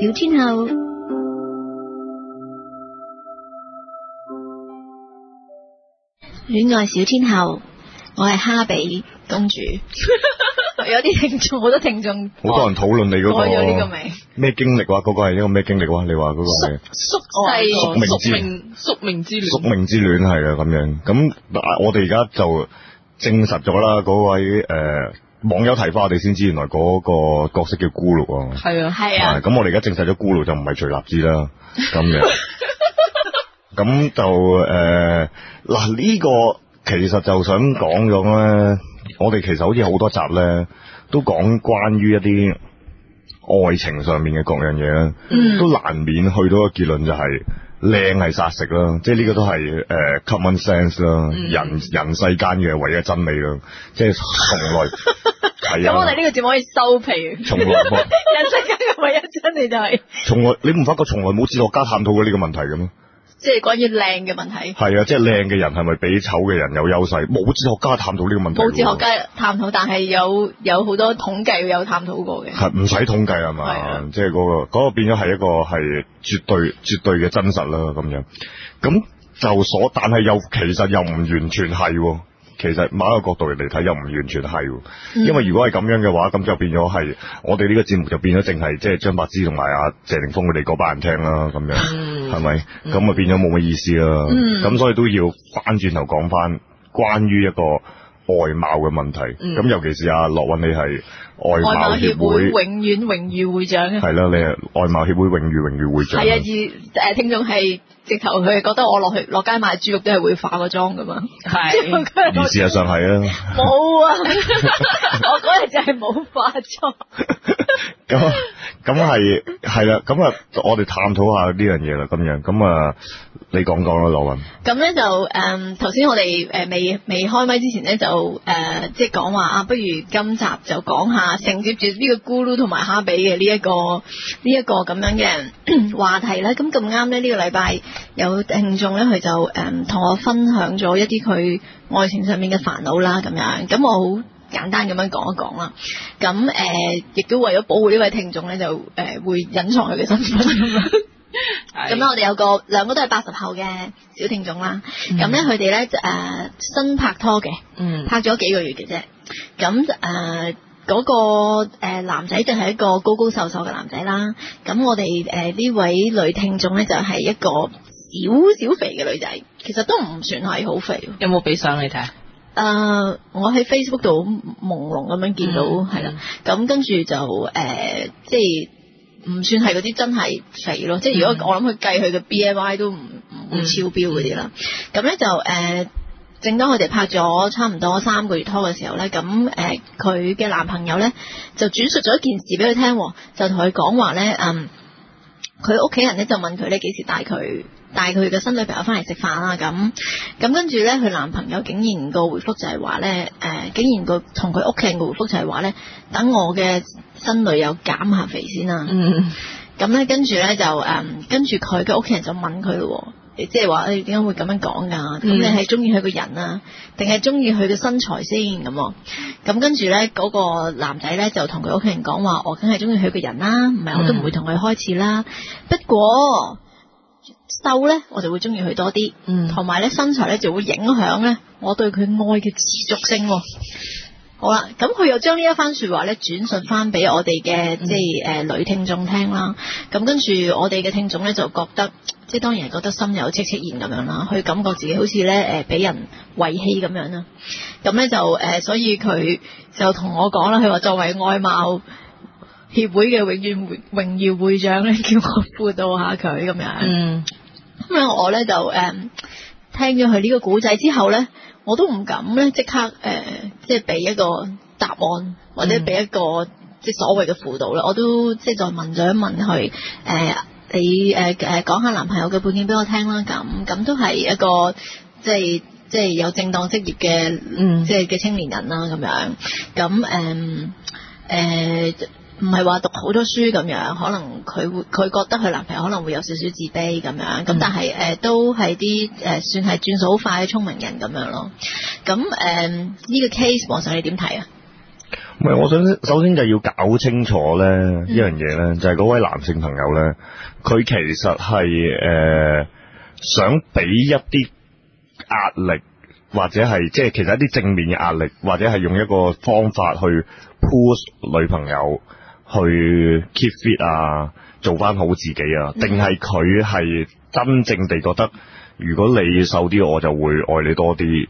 小天后，戀愛小天后，我係哈比公主。 有啲聽眾，好多聽眾，好多人討論你嗰、嗰個咩經歷話，嗰、嗰個係一個咩經歷話，你話嗰個係宿世宿命、哦、之宿命之宿命之戀。宿命之戀係啊，咁樣咁我哋而家就證實咗啦，嗰位誒。呃網友提翻我哋先知，原來嗰個角色叫咕嚕啊！係啊、 呃、啊，係啊。咁我哋而家證實咗，咕嚕就唔係徐立之啦。咁樣，咁就誒，嗱呢個其實就想講咗咧，我哋其實好似好多集咧，都講關於一啲愛情上面嘅各樣嘢啦，嗯、都難免去到個結論就係、是。靚係殺食啦，即係呢個都係誒、uh, common sense 咯、嗯，人人世間嘅唯一真理咯，即係從來係啊！咁我哋呢個節目可以收皮， 從來人世間嘅唯一真理就係從來你唔發覺從來冇哲學家探討過呢個問題嘅咩？即係關於靚嘅問題，係啊、嗯，即係靚嘅人係咪比醜嘅人有優勢？冇哲學家探討呢個問題，冇哲學家探討，但係有有好多統計有探討過嘅。係唔使統計係嘛，的即係嗰個嗰個變咗係一個係絕對絕對嘅真實啦咁樣。咁就所，但係又其實又唔完全係。其實某一個角度嚟睇又唔完全係，因為如果係咁樣嘅話，咁就變咗係我哋呢個節目就變咗淨係即係張柏芝同埋阿謝霆鋒佢哋嗰班人聽啦，咁樣係咪？咁啊、嗯嗯、變咗冇乜意思啦，咁、嗯、所以都要翻轉頭講翻關於一個外貌嘅問題，咁、嗯、尤其是阿諾韻你係。外貌協會，貌會永遠榮譽會長嘅係啦，你啊外貌協會榮譽榮譽會長係啊，而誒聽眾係直頭佢係覺得我落去落街買豬肉都係會化個妝噶嘛，係唔事實上係啊，冇啊， 我嗰日就係冇化妝。咁咁係係啦，咁啊我哋探討下樣樣你說說樣呢樣嘢啦，咁樣咁啊你講講啦，諾韻。咁咧就誒頭先我哋誒未未開咪之前咧就誒即係講話啊，不如今集就講下。承接住呢個咕嚕同埋哈比嘅呢一個呢一個咁樣嘅話題咧，咁咁啱咧呢個禮拜有聽眾咧，佢就誒同我分享咗一啲佢愛情上面嘅煩惱啦，咁樣，咁我好簡單咁樣講一講啦。咁誒，亦都爲咗保護呢位聽眾咧，就誒會隱藏佢嘅身份。咁咧，我哋有個兩個都係八十後嘅小聽眾啦。咁咧，佢哋咧誒新拍拖嘅，嗯、拍咗幾個月嘅啫。咁誒。呃嗰個男仔就係一個高高瘦瘦嘅男仔啦，咁我哋誒呢位女聽眾呢，就係一個小小肥嘅女仔，其實都唔算係好肥。有冇俾相你睇？誒，我喺 Facebook 度朦朧咁樣見到，係啦。咁跟住就誒，即係唔算係嗰啲真係肥咯。即係如果我諗佢計佢嘅 BMI 都唔唔、嗯、超標嗰啲啦。咁呢就誒。呃正當佢哋拍咗差唔多三個月拖嘅時候呢，咁誒，佢、呃、嘅男朋友呢，就轉述咗一件事俾佢聽，就同佢講話呢：「嗯，佢屋企人呢，就問佢呢幾時帶佢帶佢嘅新女朋友翻嚟食飯啦」，咁咁跟住呢，佢男朋友竟然個回覆就係話呢，誒、呃，竟然個同佢屋企人個回覆就係話呢，等我嘅新女友減下肥先啦、啊，嗯，嗯，咁呢，跟住呢，就誒，跟住佢嘅屋企人就問佢咯。即係話，哎、你點解會咁樣講噶？咁你係中意佢個人啊，定係中意佢嘅身材先？咁、啊，咁跟住呢，嗰、嗰個男仔呢就同佢屋企人講話，我梗係中意佢個人啦、啊，唔係、嗯、我都唔會同佢開始啦。不過，瘦呢，我就會中意佢多啲，同埋、嗯、呢，身材呢就會影響呢，我對佢愛嘅持續性、啊。好啦，咁佢又將呢一番說話咧轉述翻俾我哋嘅即係誒女聽眾聽啦。咁跟住我哋嘅聽眾咧就覺得，即係當然係覺得心有戚戚然咁樣啦，佢感覺自己好似咧誒俾人遺棄咁樣啦。咁咧就誒、呃，所以佢就同我講啦，佢話作為外貌協會嘅永遠會榮耀會長咧，叫我輔導下佢咁樣。咁、嗯、樣我咧就誒、呃、聽咗佢呢個古仔之後咧。我都唔敢咧、呃，即刻誒，即係俾一個答案，或者俾一個即係所謂嘅輔導啦。我都即係再問咗一問佢，誒、呃、你誒誒、呃、講下男朋友嘅背景俾我聽啦。咁咁都係一個即係即係有正當職業嘅、嗯，嗯，即係嘅青年人啦。咁樣咁誒誒。唔係話讀好多書咁樣，可能佢會佢覺得佢男朋友可能會有少少自卑咁樣，咁但係誒、呃、都係啲誒算係轉數好快嘅聰明人咁樣咯。咁誒呢個 case 洋達，你點睇啊？唔係、嗯，我想首先就要搞清楚咧呢樣嘢咧，嗯、就係嗰位男性朋友咧，佢其實係誒、呃、想俾一啲壓力，或者係即係其實一啲正面嘅壓力，或者係用一個方法去 push 女朋友。去 keep fit 啊，做翻好自己啊，定係佢係真正地覺得，如果你瘦啲，我就會愛你多啲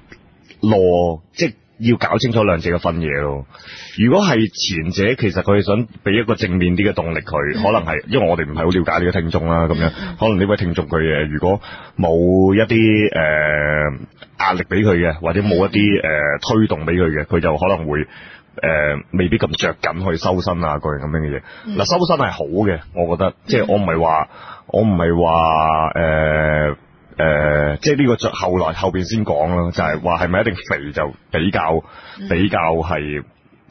咯，即係要搞清楚兩者嘅分野咯。如果係前者，其實佢係想俾一個正面啲嘅動力，佢可能係，因為我哋唔係好了解呢個聽眾啦，咁樣，可能呢位聽眾佢誒，如果冇一啲誒、呃、壓力俾佢嘅，或者冇一啲誒、呃、推動俾佢嘅，佢就可能會。誒、呃，未必咁着緊去修身啊，各樣咁樣嘅嘢。嗱、嗯，修身、啊、係好嘅，我覺得，嗯、即係我唔係話，我唔係話，誒、呃，誒、呃，即係呢個着後來後邊先講啦，就係話係咪一定肥就比較比較係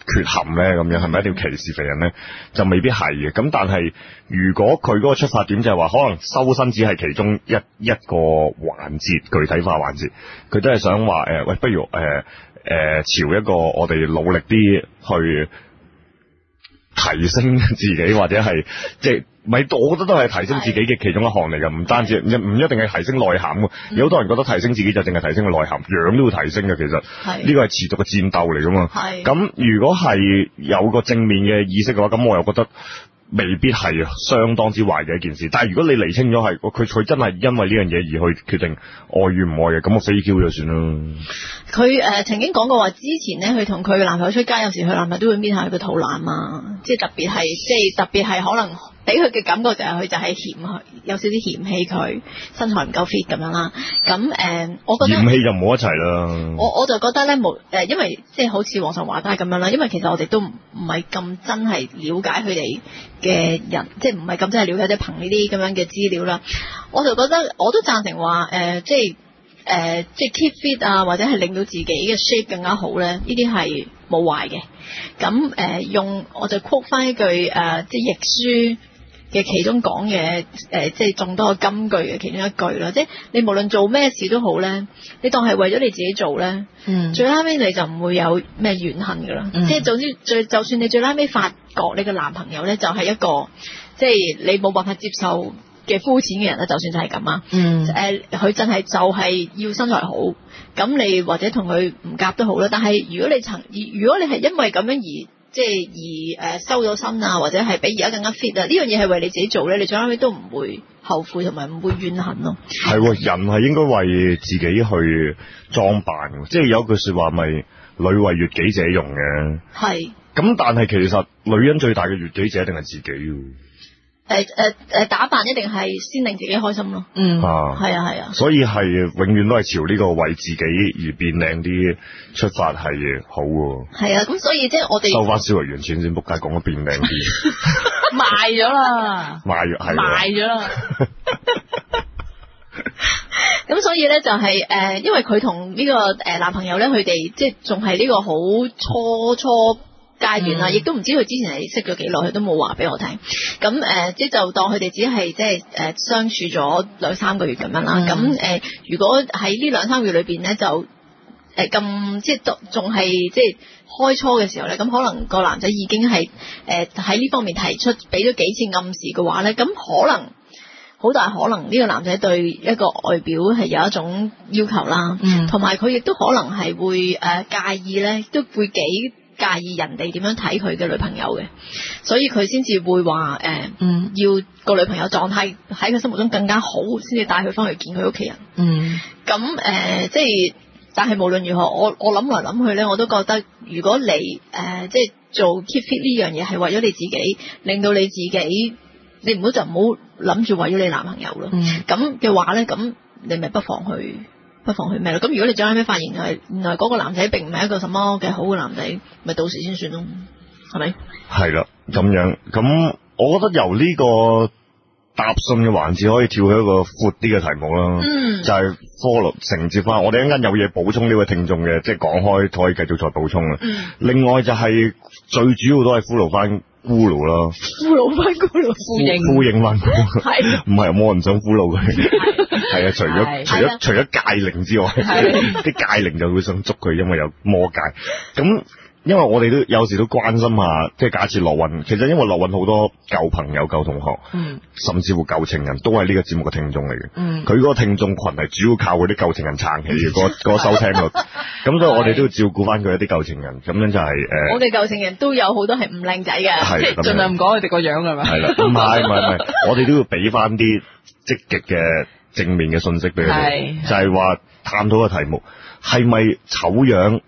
缺陷咧？咁樣係咪一定要歧視肥人咧？就未必係嘅。咁但係如果佢嗰個出發點就係話，可能修身只係其中一一個環節，具體化環節，佢都係想話，誒、呃，喂，不如誒。呃呃誒、呃，朝一個我哋努力啲去提升自己，或者係即係咪？我覺得都係提升自己嘅其中一項嚟嘅，唔單止，唔是的 一定係提升內涵噶。嗯、有好多人覺得提升自己就淨係提升個內涵，樣都要提升嘅。其實呢個係持續嘅戰鬥嚟噶嘛。咁是的 如果係有個正面嘅意識嘅話，咁我又覺得。未必係相當之壞嘅一件事，但係如果你釐清咗係佢，佢真係因為呢樣嘢，而去決定愛與唔愛嘅，咁我 CQ 就算啦。佢誒、呃、曾經講過話，之前咧佢同佢男朋友出街，有時佢男朋友都會搣下佢肚腩啊，即係特別係 即係特別係可能。俾佢嘅感覺就係佢就係嫌有少少嫌棄佢身材唔夠 fit 咁樣啦。咁、嗯、誒，我覺得嫌棄就冇一齊啦。我我就覺得咧冇誒，因為即係好似皇上話齋咁樣啦。因為其實我哋都唔唔係咁真係了解佢哋嘅人，即係唔係咁真係了解，即係憑呢啲咁樣嘅資料啦。我就覺得我都贊成話誒、呃，即係誒、呃，即係 keep fit 啊，或者係令到自己嘅 shape 更加好咧。呢啲係冇壞嘅。咁、嗯、誒用我就 quote 翻一句誒、呃，即係易書嘅其中講嘢，誒、呃，即係眾多嘅金句嘅其中一句咯，即係你無論做咩事都好咧，你當係為咗你自己做咧，嗯，最拉尾你就唔會有咩怨恨噶啦，嗯、即係總之最，就算你最拉尾發覺你個男朋友咧，就係一個即係你冇辦法接受嘅膚淺嘅人咧，就算就係咁啊，嗯、呃，誒，佢真係就係要身材好，咁你或者同佢唔夾都好啦，但係如果你曾，如果你係因為咁樣而，即係而誒收咗身啊，或者係比而家更加 fit 啊，呢樣嘢係為你自己做咧，你最後尾都唔會後悔同埋唔會怨恨咯。係喎的， 人係應該為自己去裝扮，即係有句説話咪女為悅己者容嘅。係是。咁但係其實女人最大嘅悅己者一定係自己。誒誒誒，打扮一定係先令自己開心咯。嗯，啊，係啊係啊，啊，所以係永遠都係朝呢個為自己而變靚啲出發係好。係啊，咁、啊、所以即係我哋收翻消防完全先，仆街講咗變靚啲，賣咗啦，賣係，啊、賣咗啦。咁 所以咧就係、是、誒、呃，因為佢同呢個誒男朋友咧，佢哋即係仲係呢個好初初。階段啦，亦都唔知佢之前係識咗幾耐，佢都冇話俾我聽。咁誒，即、呃、係就當佢哋只係即係誒相處咗兩三個月咁樣啦。咁誒、嗯呃，如果喺呢兩三個月裏邊咧，就誒咁、呃、即係都仲係即係開初嘅時候咧，咁可能個男仔已經係誒喺呢方面提出俾咗幾次暗示嘅話咧，咁可能好大可能呢個男仔對一個外表係有一種要求啦，同埋佢亦都可能係會誒、呃、介意咧，都會幾介意人哋點樣睇佢嘅女朋友嘅，所以佢先至會話誒，呃，嗯，要個女朋友狀態喺佢心目中更加好，先至帶佢翻去見佢屋企人。嗯，咁誒，嗯，即係，但係無論如何，我我諗嚟諗去咧，我都覺得如果你誒，呃，即係做 keep fit 呢樣嘢係為咗你自己，令到你自己，你唔好就唔好諗住為咗你男朋友咯。嗯，咁嘅話咧，咁你咪不妨去。不妨去咩咯？咁如果你最後喺咩發現，係原來嗰個男仔並唔係一個什麼嘅好嘅男仔，咪到時先算咯，係咪？係啦，咁樣咁，我覺得由呢個答信嘅環節，可以跳去一個闊啲嘅題目啦。嗯，就係 follow 承接翻。我哋一陣間有嘢補充呢位聽眾嘅，即係講開可以繼續再補充啦。嗯、另外就係最主要都係 follow 翻。俘虜咯，俘虜翻俘虜，呼應呼應翻，係唔係冇人想俘虜佢？係啊，除咗除咗除咗戒靈之外，啲戒靈就會想捉佢，因為有魔戒咁。因為我哋都有時都關心下，即係假設諾韻，其實因為諾韻好多舊朋友、舊同學，嗯，甚至乎舊情人都係呢個節目嘅聽眾嚟嘅，嗯，佢嗰個聽眾群係主要靠佢啲舊情人撐起嘅。嗯，個收聽率，咁 所以我哋都要照顧翻佢一啲舊情人，咁 樣就係、是、誒，呃、我哋舊情人都有好多係唔靚仔嘅，即係盡量唔講佢哋個樣係嘛，係啦，唔係唔係唔係，啊啊、 我哋都要俾翻啲積極嘅正面嘅信息俾佢哋， 就係話探討個題目係咪醜樣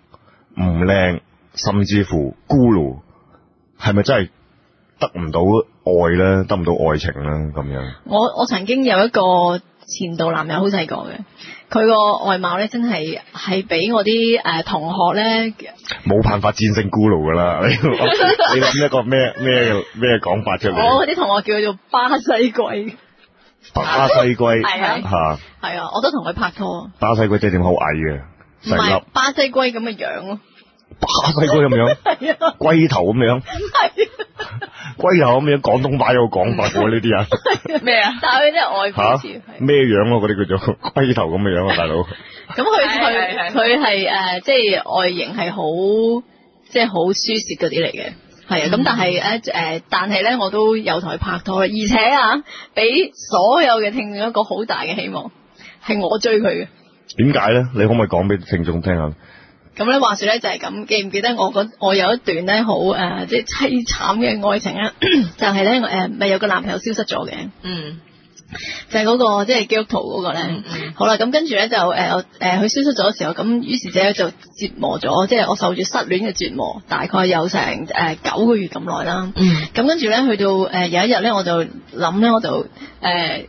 唔靚？甚至乎咕嚕，係咪真係得唔到愛咧？得唔到愛情咧？咁樣？我我曾經有一個前度男友，好細個嘅，佢個外貌咧，真係係畀我啲誒、呃、同學咧，冇辦法戰勝咕嚕噶啦！ 你你諗一個咩咩咩講法出嚟？我啲同學叫佢做巴西龜，巴西龜係啊吓，係啊，我都同佢拍拖。巴西龜即係點好矮嘅，唔係巴西龜咁嘅樣咯。巴西哥咁樣，係啊，龜頭咁樣，係 他，龜頭咁樣，廣東話有講法嘅呢啲人，咩啊、呃就是就是。但係佢啲係外貌，咩樣咯？嗰啲叫做龜頭咁嘅樣啊，大佬。咁佢佢佢係誒，即係外形係好，即係好舒適嗰啲嚟嘅，係啊。咁但係誒誒，但係咧，我都有同佢拍拖，而且啊，俾所有嘅聽眾一個好大嘅希望，係我追佢嘅。點解咧？你可唔可以講俾聽眾聽下？咁咧，話説咧就係咁，記唔記得我嗰我有一段咧好誒，即係凄慘嘅愛情咧，就係咧我誒咪有個男朋友消失咗嘅，嗯，就係嗰個即係基督徒嗰個咧，好啦，咁跟住咧就誒誒，佢，呃，消失咗嘅時候，咁於是就就折磨咗，即、就、係、是、我受住失戀嘅折磨，大概有成誒九個月咁耐啦，嗯，咁跟住咧去到誒有一日咧我就諗咧我就誒。呃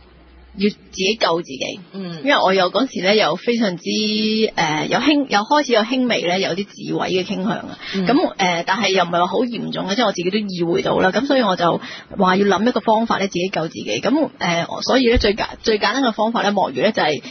要自己救自己，嗯，因為我又有嗰時咧，又非常之，誒、呃，有輕，有開始有輕微咧，有啲自毀嘅傾向啊，咁、嗯，誒、呃，但係又唔係話好嚴重嘅，即係我自己都意會到啦，咁所以我就話要諗一個方法咧，自己救自己，咁，誒，所以咧最簡最簡單嘅方法咧，莫如咧就係、是，誒、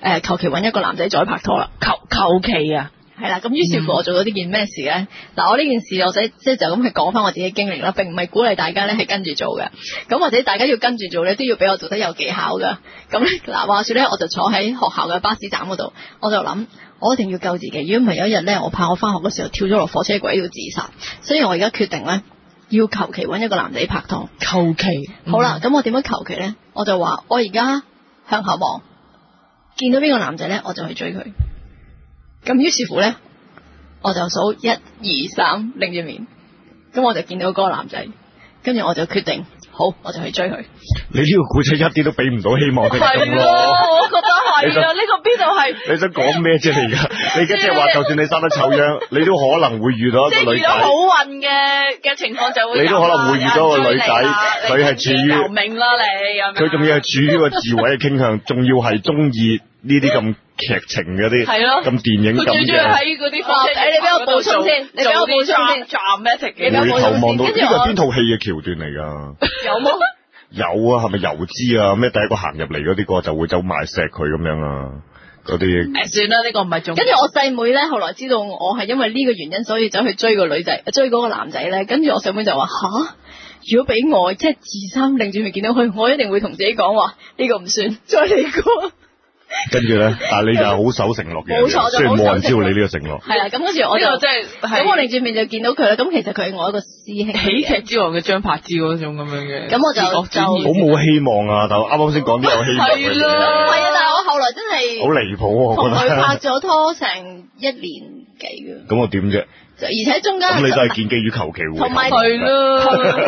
呃，求其搵一個男仔再拍拖啦，求求其啊！係啦，咁、嗯、於是乎我做咗呢件咩事呢？嗱、啊，我呢件事我使即係就咁去講翻我自己經歷啦，並唔係鼓勵大家咧係跟住做嘅。咁或者大家要跟住做咧，都要畀我做得有技巧嘅。咁咧嗱，話説咧，我就坐喺學校嘅巴士站嗰度，我就諗我一定要救自己。如果唔係有一日咧，我怕我翻學嘅時候跳咗落火車軌要自殺，所以我而家決定咧要求其揾一個男仔拍拖。求其、嗯、好啦，咁我點樣求其呢？我就話我而家向下望，見到邊個男仔呢，我就去追佢。咁於是乎咧，我就數一二三，擰住面，咁我就見到嗰個男仔，跟住我就決定，好，我就去追佢。你呢個古仔一啲都俾唔到希望嘅的我覺得係啊，呢想個邊度係？你想講咩啫？你而家，你而家即係話，就算你生得醜樣，你都可能會遇到一個女仔。好運嘅嘅情況就會。你都可能會遇到個女仔，佢係處於命啦，你佢仲要係處於個自毀嘅傾向，仲要係中意。 呢啲咁劇情嗰啲，係咯咁電影咁。佢最中意睇嗰啲，誒、啊，你俾我補充先，你俾我補充先。站 metric 嘅，回頭望到呢個係邊套戲嘅橋段嚟噶？有麼嗎？ 有啊，係咪油脂啊？咩第一個行入嚟嗰啲個就會走埋錫佢咁樣啊？嗰啲誒，算啦，呢、這個唔係。跟住我細妹咧，後來知道我係因為呢個原因，所以走去追個女仔，追嗰個男仔咧。跟住我細妹,妹,妹就話吓、啊，如果俾我一至三擰住未見到佢，我一定會同自己講話呢個唔算，再嚟過。跟住咧，但係你就係好守承諾嘅，雖然冇人知道你呢個承諾。係啦，咁嗰時我就真係，咁我擰轉面就見到佢啦。咁其實佢係我一個師兄，喜劇之王嘅張柏芝嗰種咁樣嘅。咁我就好冇希望啊！但啱啱先講啲有希望嘅係啊！但係我後來真係好離譜，同佢拍咗拖成一年幾嘅。咁我點啫？而且中間你都係建基於求其會，同埋佢囉。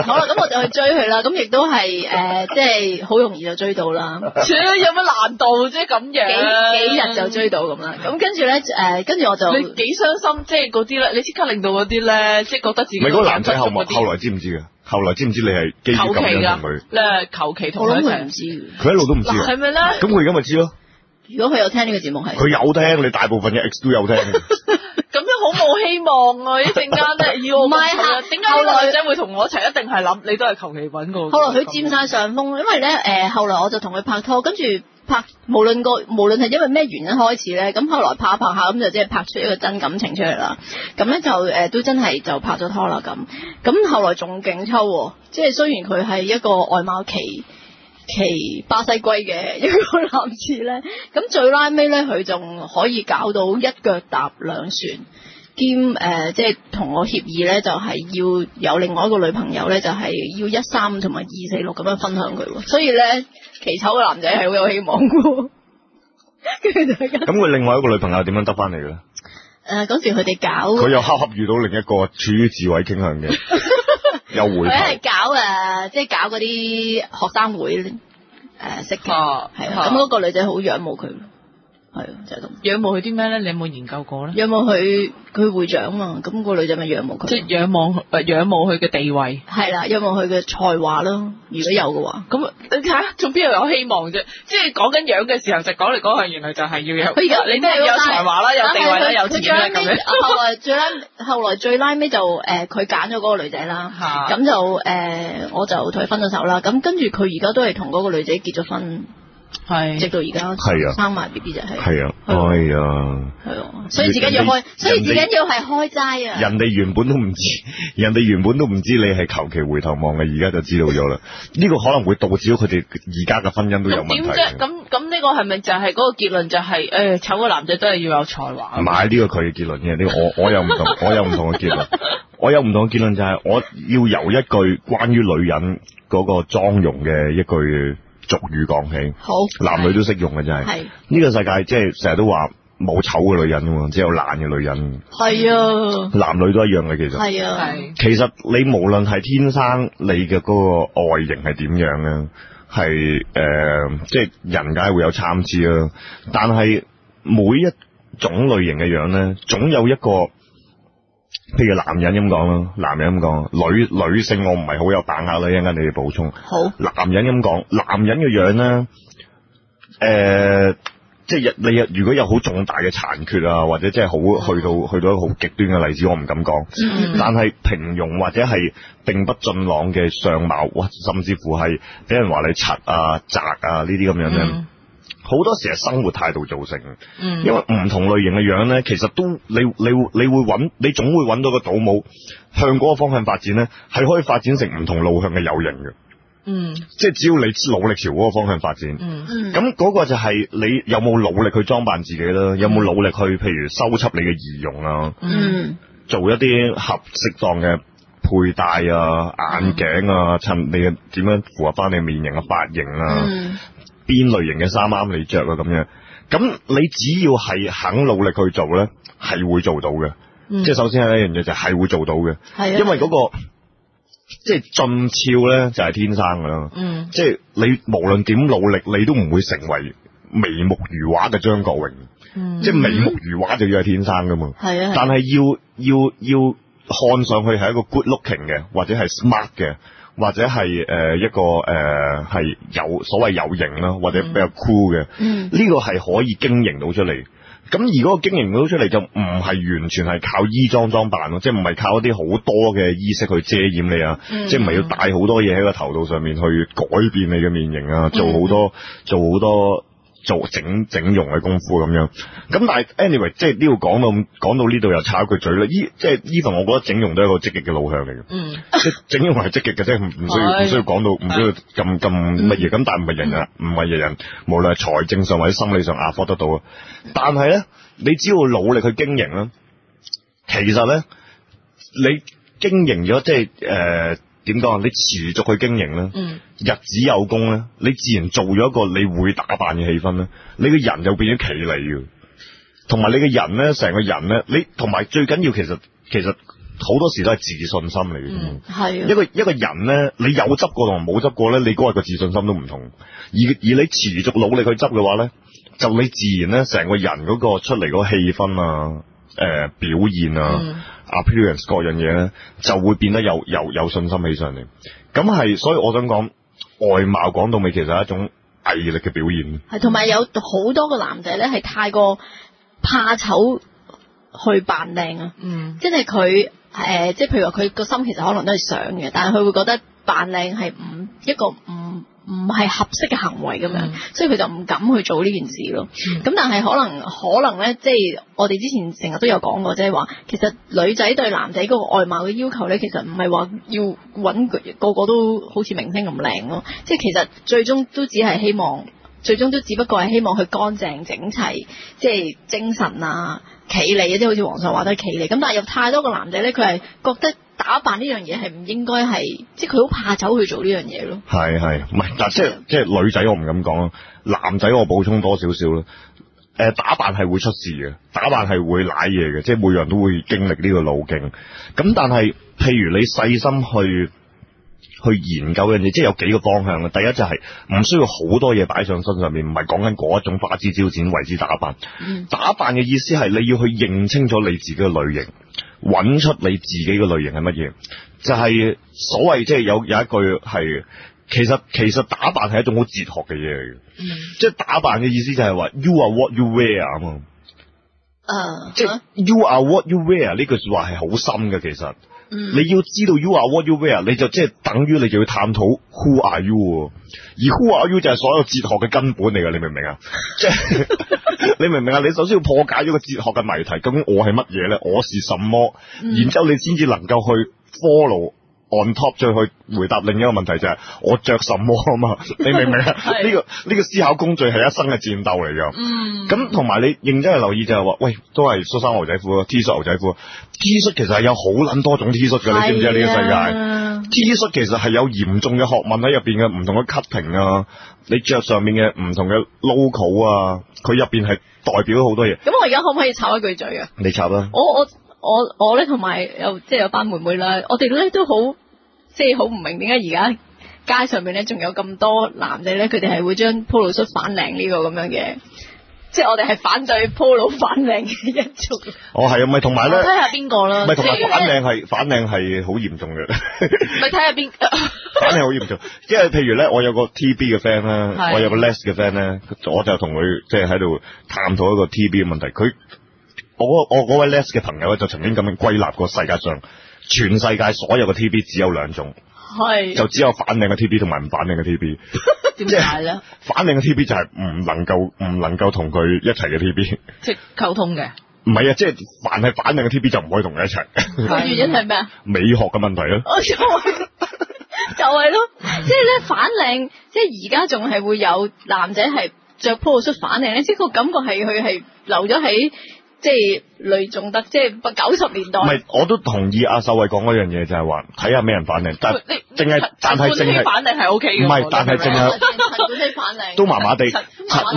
好啦，咁我就去追佢啦。咁亦都係誒，即係好容易就追到啦。有乜難度啫？即係咁樣幾幾日就追到咁啦。咁跟住咧誒，跟住我就幾傷心，即係嗰啲咧，你即刻令到嗰啲咧，即係覺得自己唔係嗰個男仔後後來知唔知㗎？後來知唔知你係基於吸引佢求其同一齊，唔知佢一路都唔知，係咪咧？咁佢而家咪知咯？如果佢有聽呢個節目，係佢有聽，你大部分嘅 x 都有聽。好冇 希望啊！呢陣間咧，要我唔係點解個女仔會同我一齊？一定係諗你都係求其揾個。後來佢佔晒上風，因為咧誒、呃，後來我就同佢拍拖，跟住拍，無論個無論係因為咩原因開始咧，咁後來拍下拍下咁就即係拍出一個真感情出嚟啦。咁咧就誒、呃、都真係就拍咗拖啦。咁咁後來仲勁抽，即係雖然佢係一個外貌奇奇巴西龜嘅一個男士咧，咁最拉尾咧佢仲可以搞到一腳踏兩船。兼誒即係同我協議咧，就係要有另外一個女朋友咧，就係要一三同埋二四六咁樣分享佢。所以咧，奇醜嘅男仔係好有希望嘅。咁佢另外一個女朋友點樣得翻嚟嘅咧？誒、啊，嗰時佢哋搞，佢又恰恰遇到另一個處於智慧傾向嘅， 有、啊、回。佢、就、係、是、搞誒，即係搞嗰啲學生會誒識嘅，咁、啊、嗰個女仔好仰慕佢。係，就係、是、咁。仰慕佢啲咩咧？你有冇研究過咧？仰慕佢，佢會長嘛？咁、那個女仔咪仰慕佢。即係仰望，仰望佢嘅地位。係啦，仰望佢嘅才華咯，如果有嘅話。咁你睇下，仲邊度有希望啫？即係講緊樣嘅時候，就講嚟講去，原來就係要有。佢有、啊，你都要有才華啦，是有地位啦，有錢啦咁樣。後來最拉，後來最拉尾就誒，佢揀咗嗰個女仔啦。咁 就誒、呃，我就同佢分咗手啦。咁跟住佢而家都係同嗰個女仔結咗婚。係，是直到而家係啊，生埋 B B 就係、是，係啊，係啊，係，所以自己要開，家所以自緊要係開齋啊！人哋原本都唔知，人哋原本都唔知你係求其回頭望嘅，而家就知道咗啦。呢、這個可能會導致到佢哋而家嘅婚姻都有問題。點啫？咁咁呢個係咪就係嗰個結論、就是？就係誒，醜嘅男仔都係要有才華。唔係呢個佢嘅結論嘅，呢個我我有唔同，我有唔同嘅 結論。我有唔同嘅結論就係、是，我要由一句關於女人嗰個妝容嘅一句。俗語講起，好男女都識用嘅是真係。呢是個世界即係成日都話冇醜嘅女人㗎嘛，只有懶嘅女人。係啊，男女都一樣嘅其實。係啊，係是。其實你無論係天生你嘅嗰個外形係點樣咧，係誒、呃，即係人梗係會有參差啦。但係每一種類型嘅樣咧，總有一個。譬如男人咁講咯，男人咁講，女女性，我唔係好有把握，女，一陣間你要補充。好，男，男人咁講，男人嘅樣咧，誒，即係你如果有好重大嘅殘缺啊，或者即係好去到去到一個好極端嘅例子，我唔敢講。嗯、但係平庸或者係並不俊朗嘅相貌，甚至乎係俾人話你柒啊、窄啊呢啲咁樣咧。嗯好多時係生活態度造成，嗯、因為唔同類型嘅樣呢，其實都你你，你會你會揾你總會揾到個賭母，向嗰個方向發展呢係可以發展成唔同路向嘅友人嘅。嗯，即係只要你努力朝嗰個方向發展。嗯嗯。咁、嗯、嗰個就係你有冇努力去裝扮自己啦，有冇努力去譬如收葺你嘅儀容啊，嗯，做一啲合適當嘅佩戴啊、眼鏡啊，襯、嗯、你嘅點樣符合翻你面型嘅髮型啊。邊類型嘅衫啱你着啊？咁樣，咁你只要係肯努力去做呢，係會做到嘅。嗯、即係首先係一樣嘢，就係會做到嘅。係啊，因為嗰個即係俊俏呢，就係、是、天生噶啦。嗯，即係你無論點努力，你都唔會成為眉目如畫嘅張國榮。嗯、即係眉目如畫就要係天生噶嘛。係啊，但係要要要看上去係一個 good looking 嘅，或者係 smart 嘅。或者係誒一個誒係、呃、有所謂有型啦，或者比較酷 o o 嘅，呢、嗯、個係可以經營到出嚟。咁如果經營到出嚟，就唔係完全係靠衣裝裝扮咯，即係唔係靠一啲好多嘅衣飾去遮掩你啊，嗯、即係唔係要戴好多嘢喺個頭度上面去改變你嘅面型啊，做好多做好多。嗯做整整容嘅功夫咁樣，咁但係 anyway 即係呢度講到講到呢度又插一句嘴咧，依即係 even 我覺得整容都係一個積極嘅路向嚟嘅。嗯，整整容係積極嘅啫，唔唔需要唔需要講到唔需要咁咁乜嘢咁，但係唔係人人唔係人人，無論係財政上或者心理上壓迫得到嘅。但係咧你只要努力去經營啦，其實咧你經營咗即係誒。呃點講啊？你持續去經營咧，日子有功咧，你自然做咗一個你會打扮嘅氣氛咧。你個人就變咗企理，同埋你個人咧，成個人咧，你同埋最緊要其，其實其實好多時都係自信心嚟嘅。係、嗯、一個一個人咧，你有執過同冇執過咧，你嗰個自信心都唔同。而而你持續努力去執嘅話咧，就你自然咧，成個人嗰個出嚟個氣氛啊，誒、呃，表現啊。嗯 appearance 各樣嘢咧，就會變得有有有信心起上嚟。咁係，所以我想講外貌講到尾其實係一種毅力嘅表現。係，同埋有好多個男仔咧，係太過怕醜去扮靚啊。嗯即，即係佢誒，即係譬如話佢個心其實可能都係想嘅，但係佢會覺得扮靚係唔一個唔。唔係合適嘅行為咁樣，嗯、所以佢就唔敢去做呢件事咯。咁、嗯、但係可能可能咧，即係我哋之前成日都有講過，即係話其實女仔對男仔個外貌嘅要求呢，其實唔係話要揾個個個都好似明星咁靚咯。即係其實最終都只係希望，最終都只不過係希望佢乾淨整齊，即係精神啊，企理啊，即係好似皇上話得企理。咁但係有太多個男仔呢，佢係覺得。打扮呢樣嘢係唔應該係，即係佢好怕醜去做呢樣嘢咯。係係，唔係嗱，即係即係女仔我唔敢講，男仔我補充多少少啦。誒、呃，打扮係會出事嘅，打扮係會舐嘢嘅，即係每樣都會經歷呢個路徑。咁但係，譬如你細心去去研究嘅嘢，即係有幾個方向嘅。第一就係唔需要好多嘢擺上身上面，唔係講緊嗰一種花枝招展為之打扮。嗯、打扮嘅意思係你要去認清楚你自己嘅類型。揾出你自己嘅類型係乜嘢？就係、是、所謂即係有有一句係，其實其實打扮係一種好哲學嘅嘢嚟嘅，嗯、即係打扮嘅意思就係話，you are what you wear 啊嘛、嗯，誒，即係 you are what you wear 呢句說話係好深嘅其實。你要知道，you are what you wear，你就即係等於你就要探討 who are you，而 who are you 就係所有哲學嘅根本嚟噶，你明唔明啊？即係 你明唔明啊？你首先要破解咗個哲學嘅謎題，究竟我係乜嘢咧？我是什麼？然之後你先至能夠去 follow。on top 再去回答另一個問題就係我着什麼啊嘛，你明唔明啊？呢個呢個思考工序係一生嘅戰鬥嚟㗎。嗯。咁同埋你認真去留意就係、是、話，喂，都係恤衫牛仔褲啊，T 恤牛仔褲啊 T,，T 恤其實係有好撚多種 T 恤噶，是的 你知唔知呢個世界是的？T 恤其實係有嚴重嘅學問喺入邊嘅，唔同嘅 cutting 啊，你着上面嘅唔同嘅 logo 啊，佢入邊係代表好多嘢。咁我而家可唔可以插一句嘴啊？你插啦。我我。我我咧同埋有即係有班妹妹啦，我哋咧都好即係好唔明點解而家街上面咧仲有咁多男仔咧，佢哋係會將 polo 衫反領呢個咁樣嘅，即係我哋係反對 polo 反領嘅一族。哦，係啊，唔係同埋咧，睇下邊個啦，唔係同反領係反領係好嚴重嘅。咪睇下邊反領好嚴重，即係譬如咧，我有個 T B 嘅 friend 啦，我有個 less 嘅 friend 咧，我就同佢即係喺度探討一個 T B 嘅問題，佢。我我嗰位 less 嘅朋友咧，就曾經咁樣歸納過世界上全世界所有嘅 T B 只有兩種，係是就只有反領嘅 T B 同埋唔反領嘅 T B。點解咧？反領嘅 T B 就係唔能夠唔能夠同佢一齊嘅 T B，即係溝通嘅，唔係啊，即係凡係反領嘅 T B 就唔可以同佢一齊。原因係咩啊？美學嘅問題咯，就係就係咯，即係咧反領，即係而家仲係會有男仔係着 polo 恤反領咧，即係個感覺係佢係留咗喺。即係雷仲德，即係九十年代。唔係，我都同意阿秀慧講嗰樣嘢，就係話睇下咩人反應，但係淨係，但係淨係反應係 O K 嘅。唔係，但係淨係，淨係反應都麻麻地。唔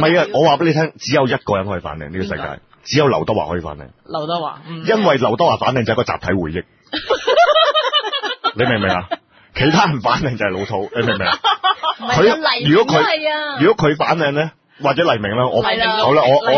係啊！我話俾你聽，只有一個人可以反應呢個世界，只有劉德華可以反應。劉德華，因為劉德華反應就係個集體回憶，你明唔明啊？其他人反應就係老土，你明唔明啊？佢如果佢，如果佢反應咧？或者黎明啦，我好啦，我、啊、我我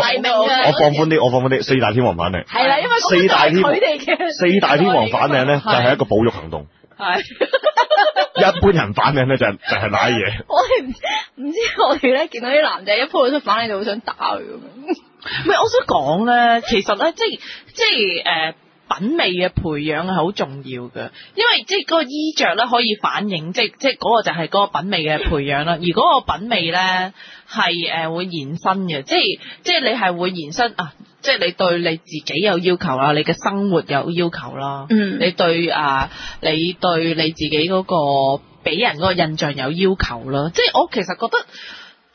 放寬啲，我放寬啲，四大天王扮靚，係啦，因為四大佢哋嘅四大天王扮靚咧，的就係一個保育行動。係，一般人扮靚咧就就係瀨嘢。我哋唔唔知我哋咧見到啲男仔一鋪到出扮靚就好想打佢咁樣，唔係，我想講咧，其實咧，即係即係誒。品味嘅培養係好重要嘅，因為即係嗰個衣着咧可以反映，即係即係嗰個就係嗰個品味嘅培養啦。而嗰個品味咧係誒會延伸嘅，即係即係你係會延伸啊，即係你對你自己有要求啦，你嘅生活有要求啦，嗯，你對啊，你對你自己嗰個俾人嗰個印象有要求啦，即係我其實覺得。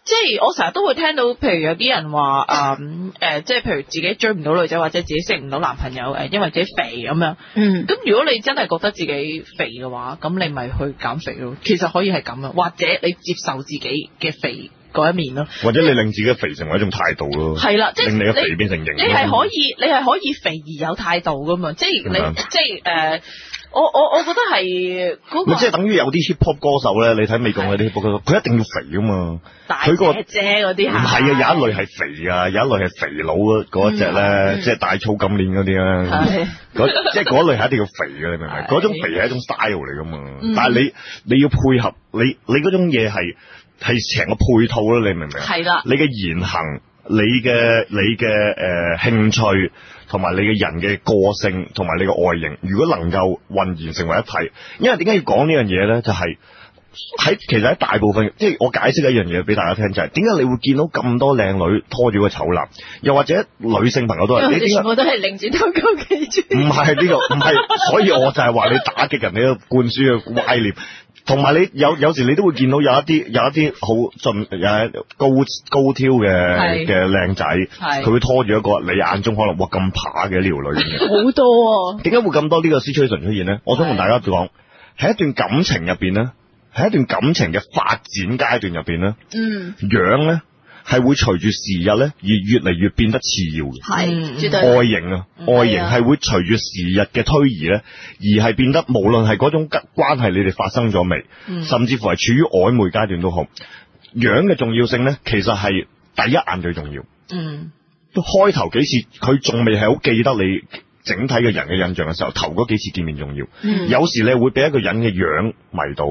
即係我成日都會聽到，譬如有啲人話，誒、嗯、誒、呃，即係譬如自己追唔到女仔，或者自己識唔到男朋友，誒，因為自己肥咁樣。嗯。咁如果你真係覺得自己肥嘅話，咁你咪去減肥咯。其實可以係咁啊，或者你接受自己嘅肥嗰一面咯。或者你令自己肥成為一種態度咯。係、嗯、啦，即係令你嘅肥變成型。你係可以，你係可以肥而有態度噶嘛？嗯、即係、嗯、你，即係誒。呃我我我覺得係即係等於有啲 hip hop 歌手咧，你睇美國嗰啲 hip hop 歌手，佢一定要肥㗎嘛，大姐姐嗰啲係，唔係、那個、啊有一類係肥啊，有一類係肥佬啊，嗰一隻咧，嗯、即係大粗金鍊嗰啲咧，即係嗰類係一定要肥嘅，你明唔明？嗰是的 種肥係一種 style 嚟㗎嘛，嗯、但係你你要配合你你嗰種嘢係係成個配套咯，你明唔明？係啦，你嘅言行。你嘅你嘅誒、呃、興趣同埋你嘅人嘅個性同埋你嘅外形，如果能夠渾然成為一體，因為點解要講呢樣嘢咧？就係、是、喺其實喺大部分， 即係我解釋一樣嘢俾大家聽，就係點解你會見到咁多靚女拖住個醜男，又或者女性朋友都係，我都係擰住偷高記住，唔係呢個唔係，所以我就係話你打擊人哋嘅灌輸嘅歪念。 同埋你有有時你都會見到有一啲有一啲好盡有高高，高挑嘅嘅靚仔，佢是會拖住一個你眼中可能哇咁扒嘅撩女好多，哦，啊，點解會咁多呢個 situation 出現咧？是我想同大家講，喺一段感情入邊咧，喺一段感情嘅發展階段入邊咧，嗯，樣咧。係會隨住時日咧，而越嚟越變得次要嘅。係是、嗯、絕對外形啊，嗯、外形係會隨住時日嘅推移咧，而係變得無論係嗰種關關係你哋發生咗未，嗯、甚至乎係處於曖昧階段都好，樣嘅重要性咧，其實係第一眼最重要。嗯，都開頭幾次佢仲未係好記得你整體嘅人嘅印象嘅時候，頭嗰幾次見面重要。嗯、有時你會俾一個人嘅樣迷到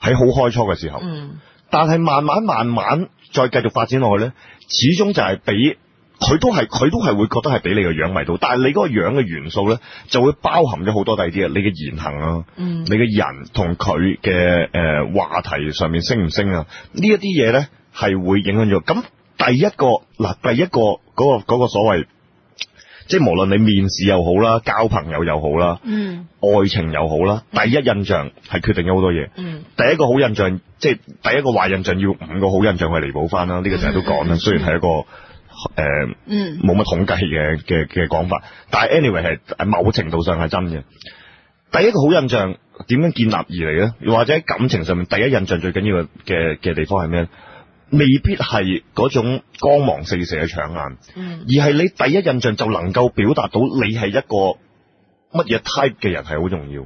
喺好開初嘅時候。嗯，但係慢慢慢慢。再繼續發展落去呢，始終就係畀佢都係佢都係會覺得係畀你個樣迷到，但係你嗰個樣嘅元素呢，就會包含咗好多第二啲嘢，你嘅言行啊，嗯，你嘅人同佢嘅誒話題上面升唔升啊？呢一啲嘢呢係會影響咗。咁第一個嗱，第一個嗰、嗰個、嗰個所謂，即係無論你面試又好啦，交朋友又好啦，嗯，愛情又好啦，第一印象係決定咗好多嘢，嗯嗯、第一個好印象。即係第一個壞印象，要五個好印象去彌補翻啦。呢、嗯、個成日都講啦，嗯、雖然係一個誒，冇、呃、乜、嗯、統計嘅嘅嘅講法，但係 anyway 係某程度上係真嘅。第一個好印象點樣建立而嚟咧？又或者喺感情上面，第一印象最緊要嘅嘅地方係咩？未必係嗰種光芒四射嘅搶眼，嗯、而係你第一印象就能夠表達到你係一個乜嘢 type 嘅人，係好重要。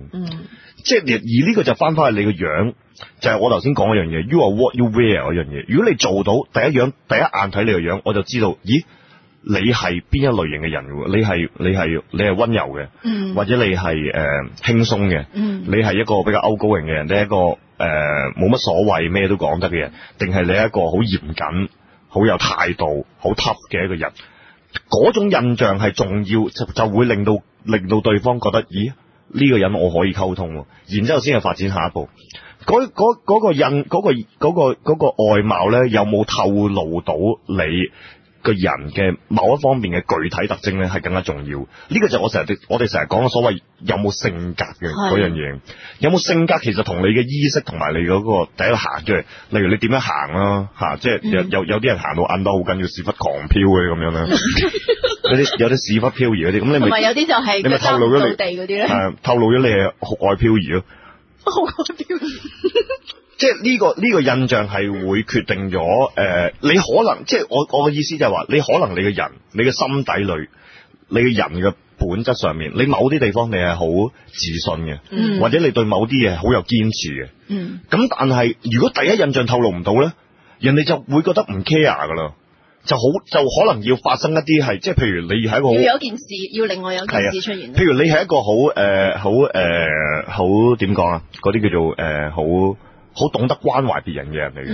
即係、嗯嗯、而呢個就翻翻去你個樣。就係我頭先講嗰樣嘢，you are what you wear 嗰樣嘢。如果你做到第一樣，第一眼睇你個樣，我就知道，咦，你係邊一類型嘅人，你係你係你係溫柔嘅，或者你係誒輕鬆嘅，呃嗯、你係一個比較歐高型嘅人，你係一個誒冇乜所謂咩都講得嘅人，定係你係一個好嚴謹、好有態度、好 tough 嘅一個人？嗰種印象係重要，就就會令到令到對方覺得，咦，呢個人我可以溝通，然之後先係發展下一步。嗰個嗰個印嗰個嗰個嗰個外貌咧，有冇透露到你個人嘅某一方面嘅具體特徵咧，係更加重要。呢個就我成日我哋成日講嘅所謂有冇性格嘅嗰樣嘢，是有冇性格其實同你嘅衣飾同埋你嗰個第一個行出嚟，例如你點樣行啦嚇，即係有有啲人行到銀到好緊要屎忽狂飄嘅咁樣咧，有啲有啲屎忽飄移嗰啲咁，你咪有啲就係透露咗你，誒，透露咗你係愛飄移咯。好誇張，即係呢個呢個印象係會決定咗誒、呃，你可能即係我我嘅意思就係話，你可能你嘅人，你嘅心底裏，你嘅人嘅本質上面，你某啲地方你係好自信嘅，嗯、或者你對某啲嘢好有堅持嘅，嗯咁但係如果第一印象透露唔到咧，人哋就會覺得唔 care 噶啦。就好就可能要發生一啲係，即係譬如你喺一個有一件事要另外有件事出現。譬如你係一個好誒、呃、好誒好點講啊？嗰啲叫做誒、呃、好好懂得關懷別人嘅人嚟嘅，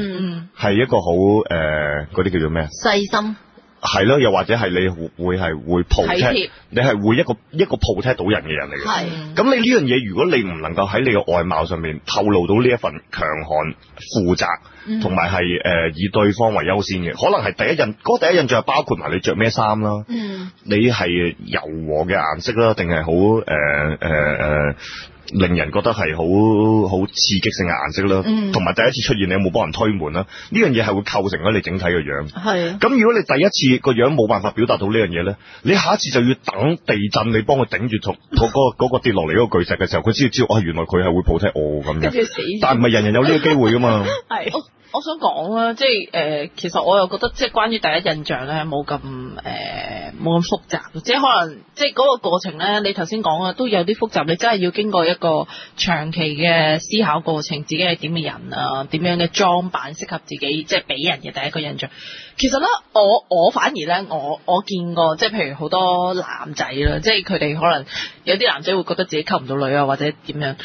係、嗯、一個好誒嗰啲叫做咩？細心。係咯，又或者係你會係會 protect 帖你係會一個一個 protect 到人嘅人嚟嘅。係的。咁你呢樣嘢，如果你唔能夠喺你嘅外貌上面透露到呢一份強悍、負責，同埋係誒以對方為優先嘅，可能係第一印嗰個第一印象係包括埋你着咩衫啦。嗯。你係柔和嘅顏色啦，定係好誒誒誒。呃呃呃令人覺得係好好刺激性嘅顏色啦，同埋、嗯、第一次出現你有冇幫人推門啦？呢樣嘢係會構成咗你整體嘅樣。係、啊。咁如果你第一次個樣冇辦法表達到呢樣嘢咧，你下一次就要等地震你幫佢頂住同嗰個 個跌落嚟嗰個巨石嘅時候，佢先至知道哦，原來佢係會保護。我咁樣。但係唔係人人有呢個機會噶嘛？係、 啊。我想講咧，即係誒、呃，其實我又覺得即係關於第一印象咧，冇咁誒，冇、呃、咁複雜。即係可能即係嗰個過程咧，你頭先講啊，都有啲複雜。你真係要經過一個長期嘅思考過程，自己係點嘅人啊，點樣嘅裝扮適合自己，即係俾人嘅第一個印象。其實咧，我我反而咧，我我見過即係譬如好多男仔啦，即係佢哋可能有啲男仔會覺得自己溝唔到女啊，或者點樣。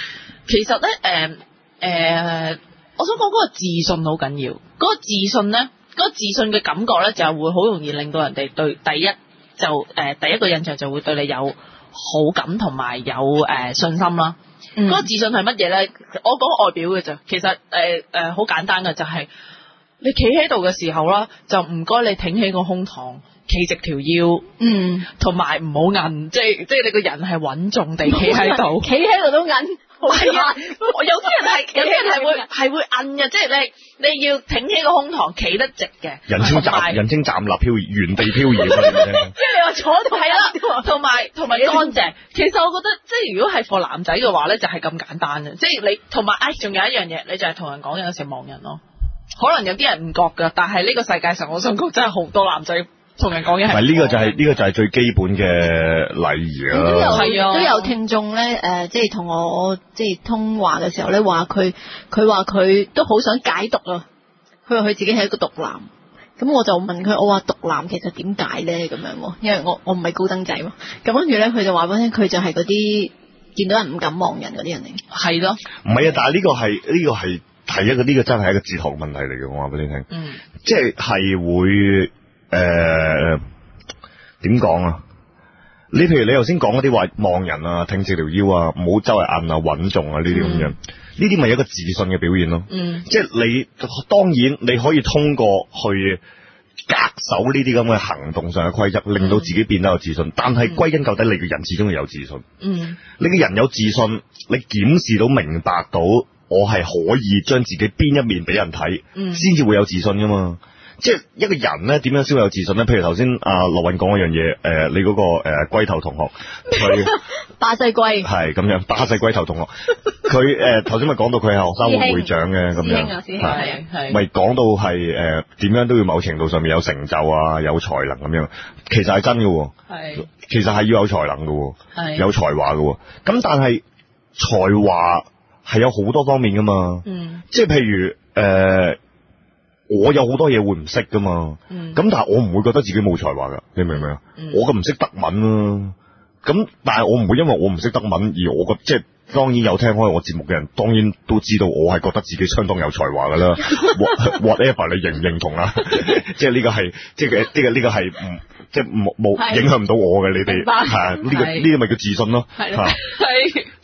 其實咧，誒、呃、誒。呃呃我想講嗰個自信好緊要，嗰、那個自信呢，嗰、那個自信嘅感覺呢，就係會好容易令到人哋對第一就誒、呃、第一個印象就會對你有好感同埋有誒、呃、信心啦。嗰、嗯、個自信係乜嘢呢？我講外表嘅就，其實誒誒好簡單嘅就係、是、你企喺度嘅時候啦，就唔該你挺起個胸膛，企直條腰，嗯，同埋唔好硬，即係即係你個人係穩重地企喺度，企喺度都硬。係啊，有啲人係，有啲人係會係 會硬嘅，即係你你要挺起個胸膛，企得直嘅，人撐站，是人撐站立，漂原地漂移 即係你話坐喺度係啦，同埋同埋乾淨。 其實我覺得，即係如果係個男仔嘅話咧，就係、是、咁簡單嘅，即係你同埋，哎，仲有一樣嘢，你就係同人講嘢嗰時望人咯。可能有啲人唔覺噶，但係呢個世界上，我想講真係好多男仔。同人講嘢係，呢、這個就係、是、呢、這個就係最基本嘅禮儀啦。係啊、嗯，都有，有聽眾咧，誒、呃，即係同我即係、就是、通話嘅時候咧，話佢佢話佢都好想解毒啊。佢話佢自己係一個毒男，咁我就問佢，我話毒男其實點解咧？咁樣，因為我我唔係高登仔嘛。咁跟住咧，佢就話俾我聽，佢就係嗰啲見到人唔敢望人嗰啲人嚟。係咯的，唔係啊，是對但係呢個係呢、這個係係、這個、一個呢、這個真係一個哲學問題嚟嘅。我話俾你聽，嗯，即係係會。誒，點講、呃、啊？你譬如你頭先講嗰啲話望人啊、挺直條腰啊、唔好周圍硬啊、穩重啊呢啲咁樣，呢啲咪一個自信嘅表現咯。嗯即，即係你當然你可以通過去恪守呢啲咁嘅行動上嘅規則，令到自己變得有自信。嗯、但係歸根究底，你嘅人始終係有自信。嗯，你嘅人有自信，你檢視到明白到我係可以將自己邊一面俾人睇，先至、嗯、會有自信噶嘛。即係一個人咧，點樣先會有自信咧？譬如頭先阿諾韻講一樣嘢，誒、呃，你嗰、個誒龜、呃、頭同學，佢巴西龜，係咁 世龜 樣巴西龜頭同學，佢誒頭先咪講到佢係學生會會長嘅咁樣，咪講到係誒點樣都要某程度上面有成就啊，有才能咁樣，其實係真嘅，係是，其實係要有才能嘅，係是，有才華嘅，咁但係才華係有好多方面噶嘛、呃呃，嗯，即係譬如誒。我有好多嘢會唔識噶嘛，咁、嗯、但係我唔會覺得自己冇才華噶，你明唔明啊？嗯、我咁唔識德文啊，咁但係我唔會因為我唔識德文而我咁即係。當然有聽開我節目嘅人，當然都知道我係覺得自己相當有才華噶啦。 What, whatever 你認唔認同啊？ 即係呢個係即係呢個呢個係唔即係冇冇影響唔到我嘅，你哋係明白啊？呢、這個呢個咪叫自信咯。係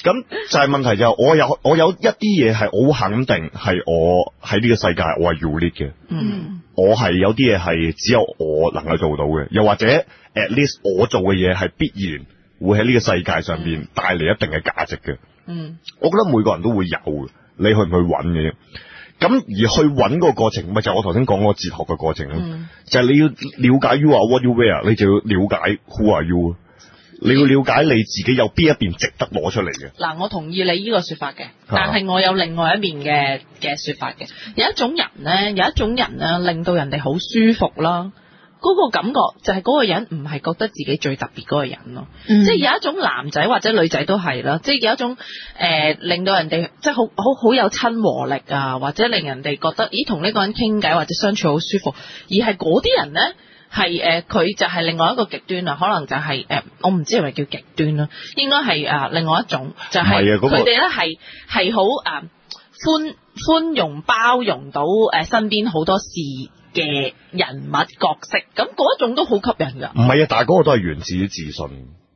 咁就係問題就係、是、我有我有一啲嘢係好肯定，係我喺呢個世界我係 unique 嘅。嗯，我係有啲嘢係只有我能夠做到嘅，又或者 at least 我做嘅嘢係必然會喺呢個世界上邊帶嚟一定嘅價值嘅。嗯，我覺得每個人都會有，你去唔去揾嘅啫。咁而去揾個過程，咪就係、我頭先講個哲學嘅過程咯。嗯、就係你要了解 you are what you wear，你就要了解 who are you。你要了解你自己有邊一邊值得攞出嚟嘅。嗱、嗯，嗯、我同意你呢個說法嘅，但係我有另外一面嘅嘅說法嘅。有一種人咧，有一種人咧、啊，令到人哋好舒服啦。嗰個感覺就係嗰個人唔係覺得自己最特別嗰個人咯，嗯、即係有一種男仔或者女仔都係啦，即係有一種誒、呃、令到人哋即係好好好有親和力啊，或者令人哋覺得咦，同呢個人傾偈或者相處好舒服，而係嗰啲人呢，係誒佢就係另外一個極端啊，可能就係、是、誒、呃、我唔知係咪叫極端咯，應該係啊、呃、另外一種就係佢哋呢係係好啊寬寬容包容到誒身邊好多事。嘅人物角色，咁嗰一種都好吸引噶。唔係啊，但係嗰個都係源自於自信，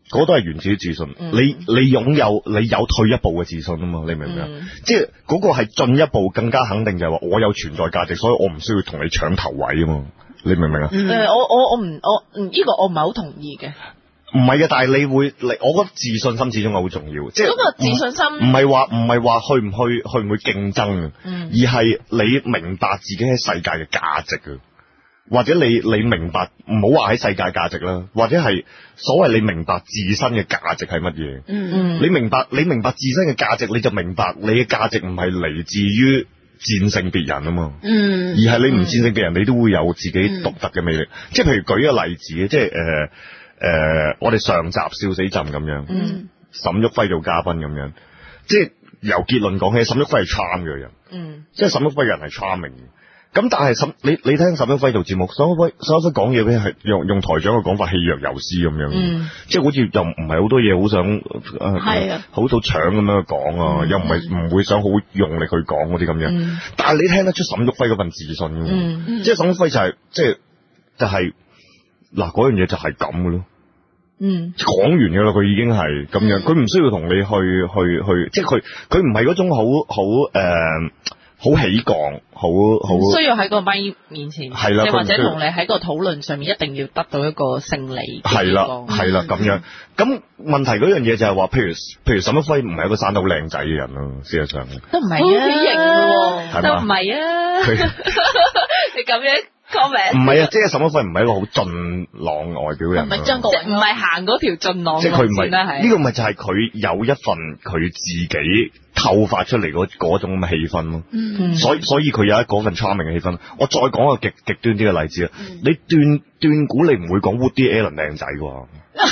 嗰、個、都係源自於自信。嗯、你你擁有你有退一步嘅自信啊嘛，你明唔明啊？嗯、即係嗰個係進一步更加肯定就係話我有存在價值，所以我唔需要同你搶頭位啊嘛，你明唔明啊？誒、嗯呃，我我我唔我呢、嗯個我唔係好同意嘅。唔係嘅，但係你會你，我覺得自信心始終係好重要，即係嗰個自信心唔係話唔係話去唔去去唔去競爭，嗯、而係你明白自己喺世界嘅價值，或者你你明白唔好話喺世界價值啦，或者係所謂你明白自身嘅價值係乜嘢，嗯嗯、你明白你明白自身嘅價值，你就明白你嘅價值唔係嚟自於戰勝別人啊嘛，嗯，而係你唔戰勝別人，嗯、你都會有自己獨特嘅魅力，嗯嗯、即係譬如舉個例子即係誒。呃誒，我哋上集笑死朕咁樣，沈旭輝做嘉賓咁樣，即係由結論講起。沈旭輝係 charm 嘅人，即係沈旭輝人係 charming，咁但係沈，你你聽沈旭輝做節目，沈旭輝沈旭輝講嘢咧係用用台長嘅講法，氣若游絲咁樣，即係好似又唔係好多嘢好想，係啊，好到搶咁樣去講啊，又唔係唔會想好用力去講嗰啲咁樣。但係你聽得出沈旭輝嗰份自信，即係沈旭輝就係即係就係。嗱，嗰樣嘢就係咁嘅咯，嗯，講完嘅啦，佢已經係咁樣，佢唔、嗯、需要同你去去去，去即係佢佢唔係嗰種好好誒，uh, 好起降，好好需要喺個咪面前，係啦的，或者同你喺個討論上面一定要得到一個勝利，係啦係啦咁樣，咁問題嗰樣嘢就係話，譬如譬如沈一輝唔係一個生得好靚仔嘅人咯，事實上都唔係啊，都唔係啊，你咁樣。唔係 Comment 啊，即係沈一輝唔係一個好俊朗外表嘅人，唔係張國，唔係行嗰條俊朗，即係佢唔係呢個咪就係佢有一份佢自己透發出嚟嗰嗰種咁嘅氣氛咯， 所以所以佢有一嗰份 charming 嘅氣氛。我再講個極極端啲嘅例子啊： 你斷斷估你唔會講 Woody Allen 靚仔噶。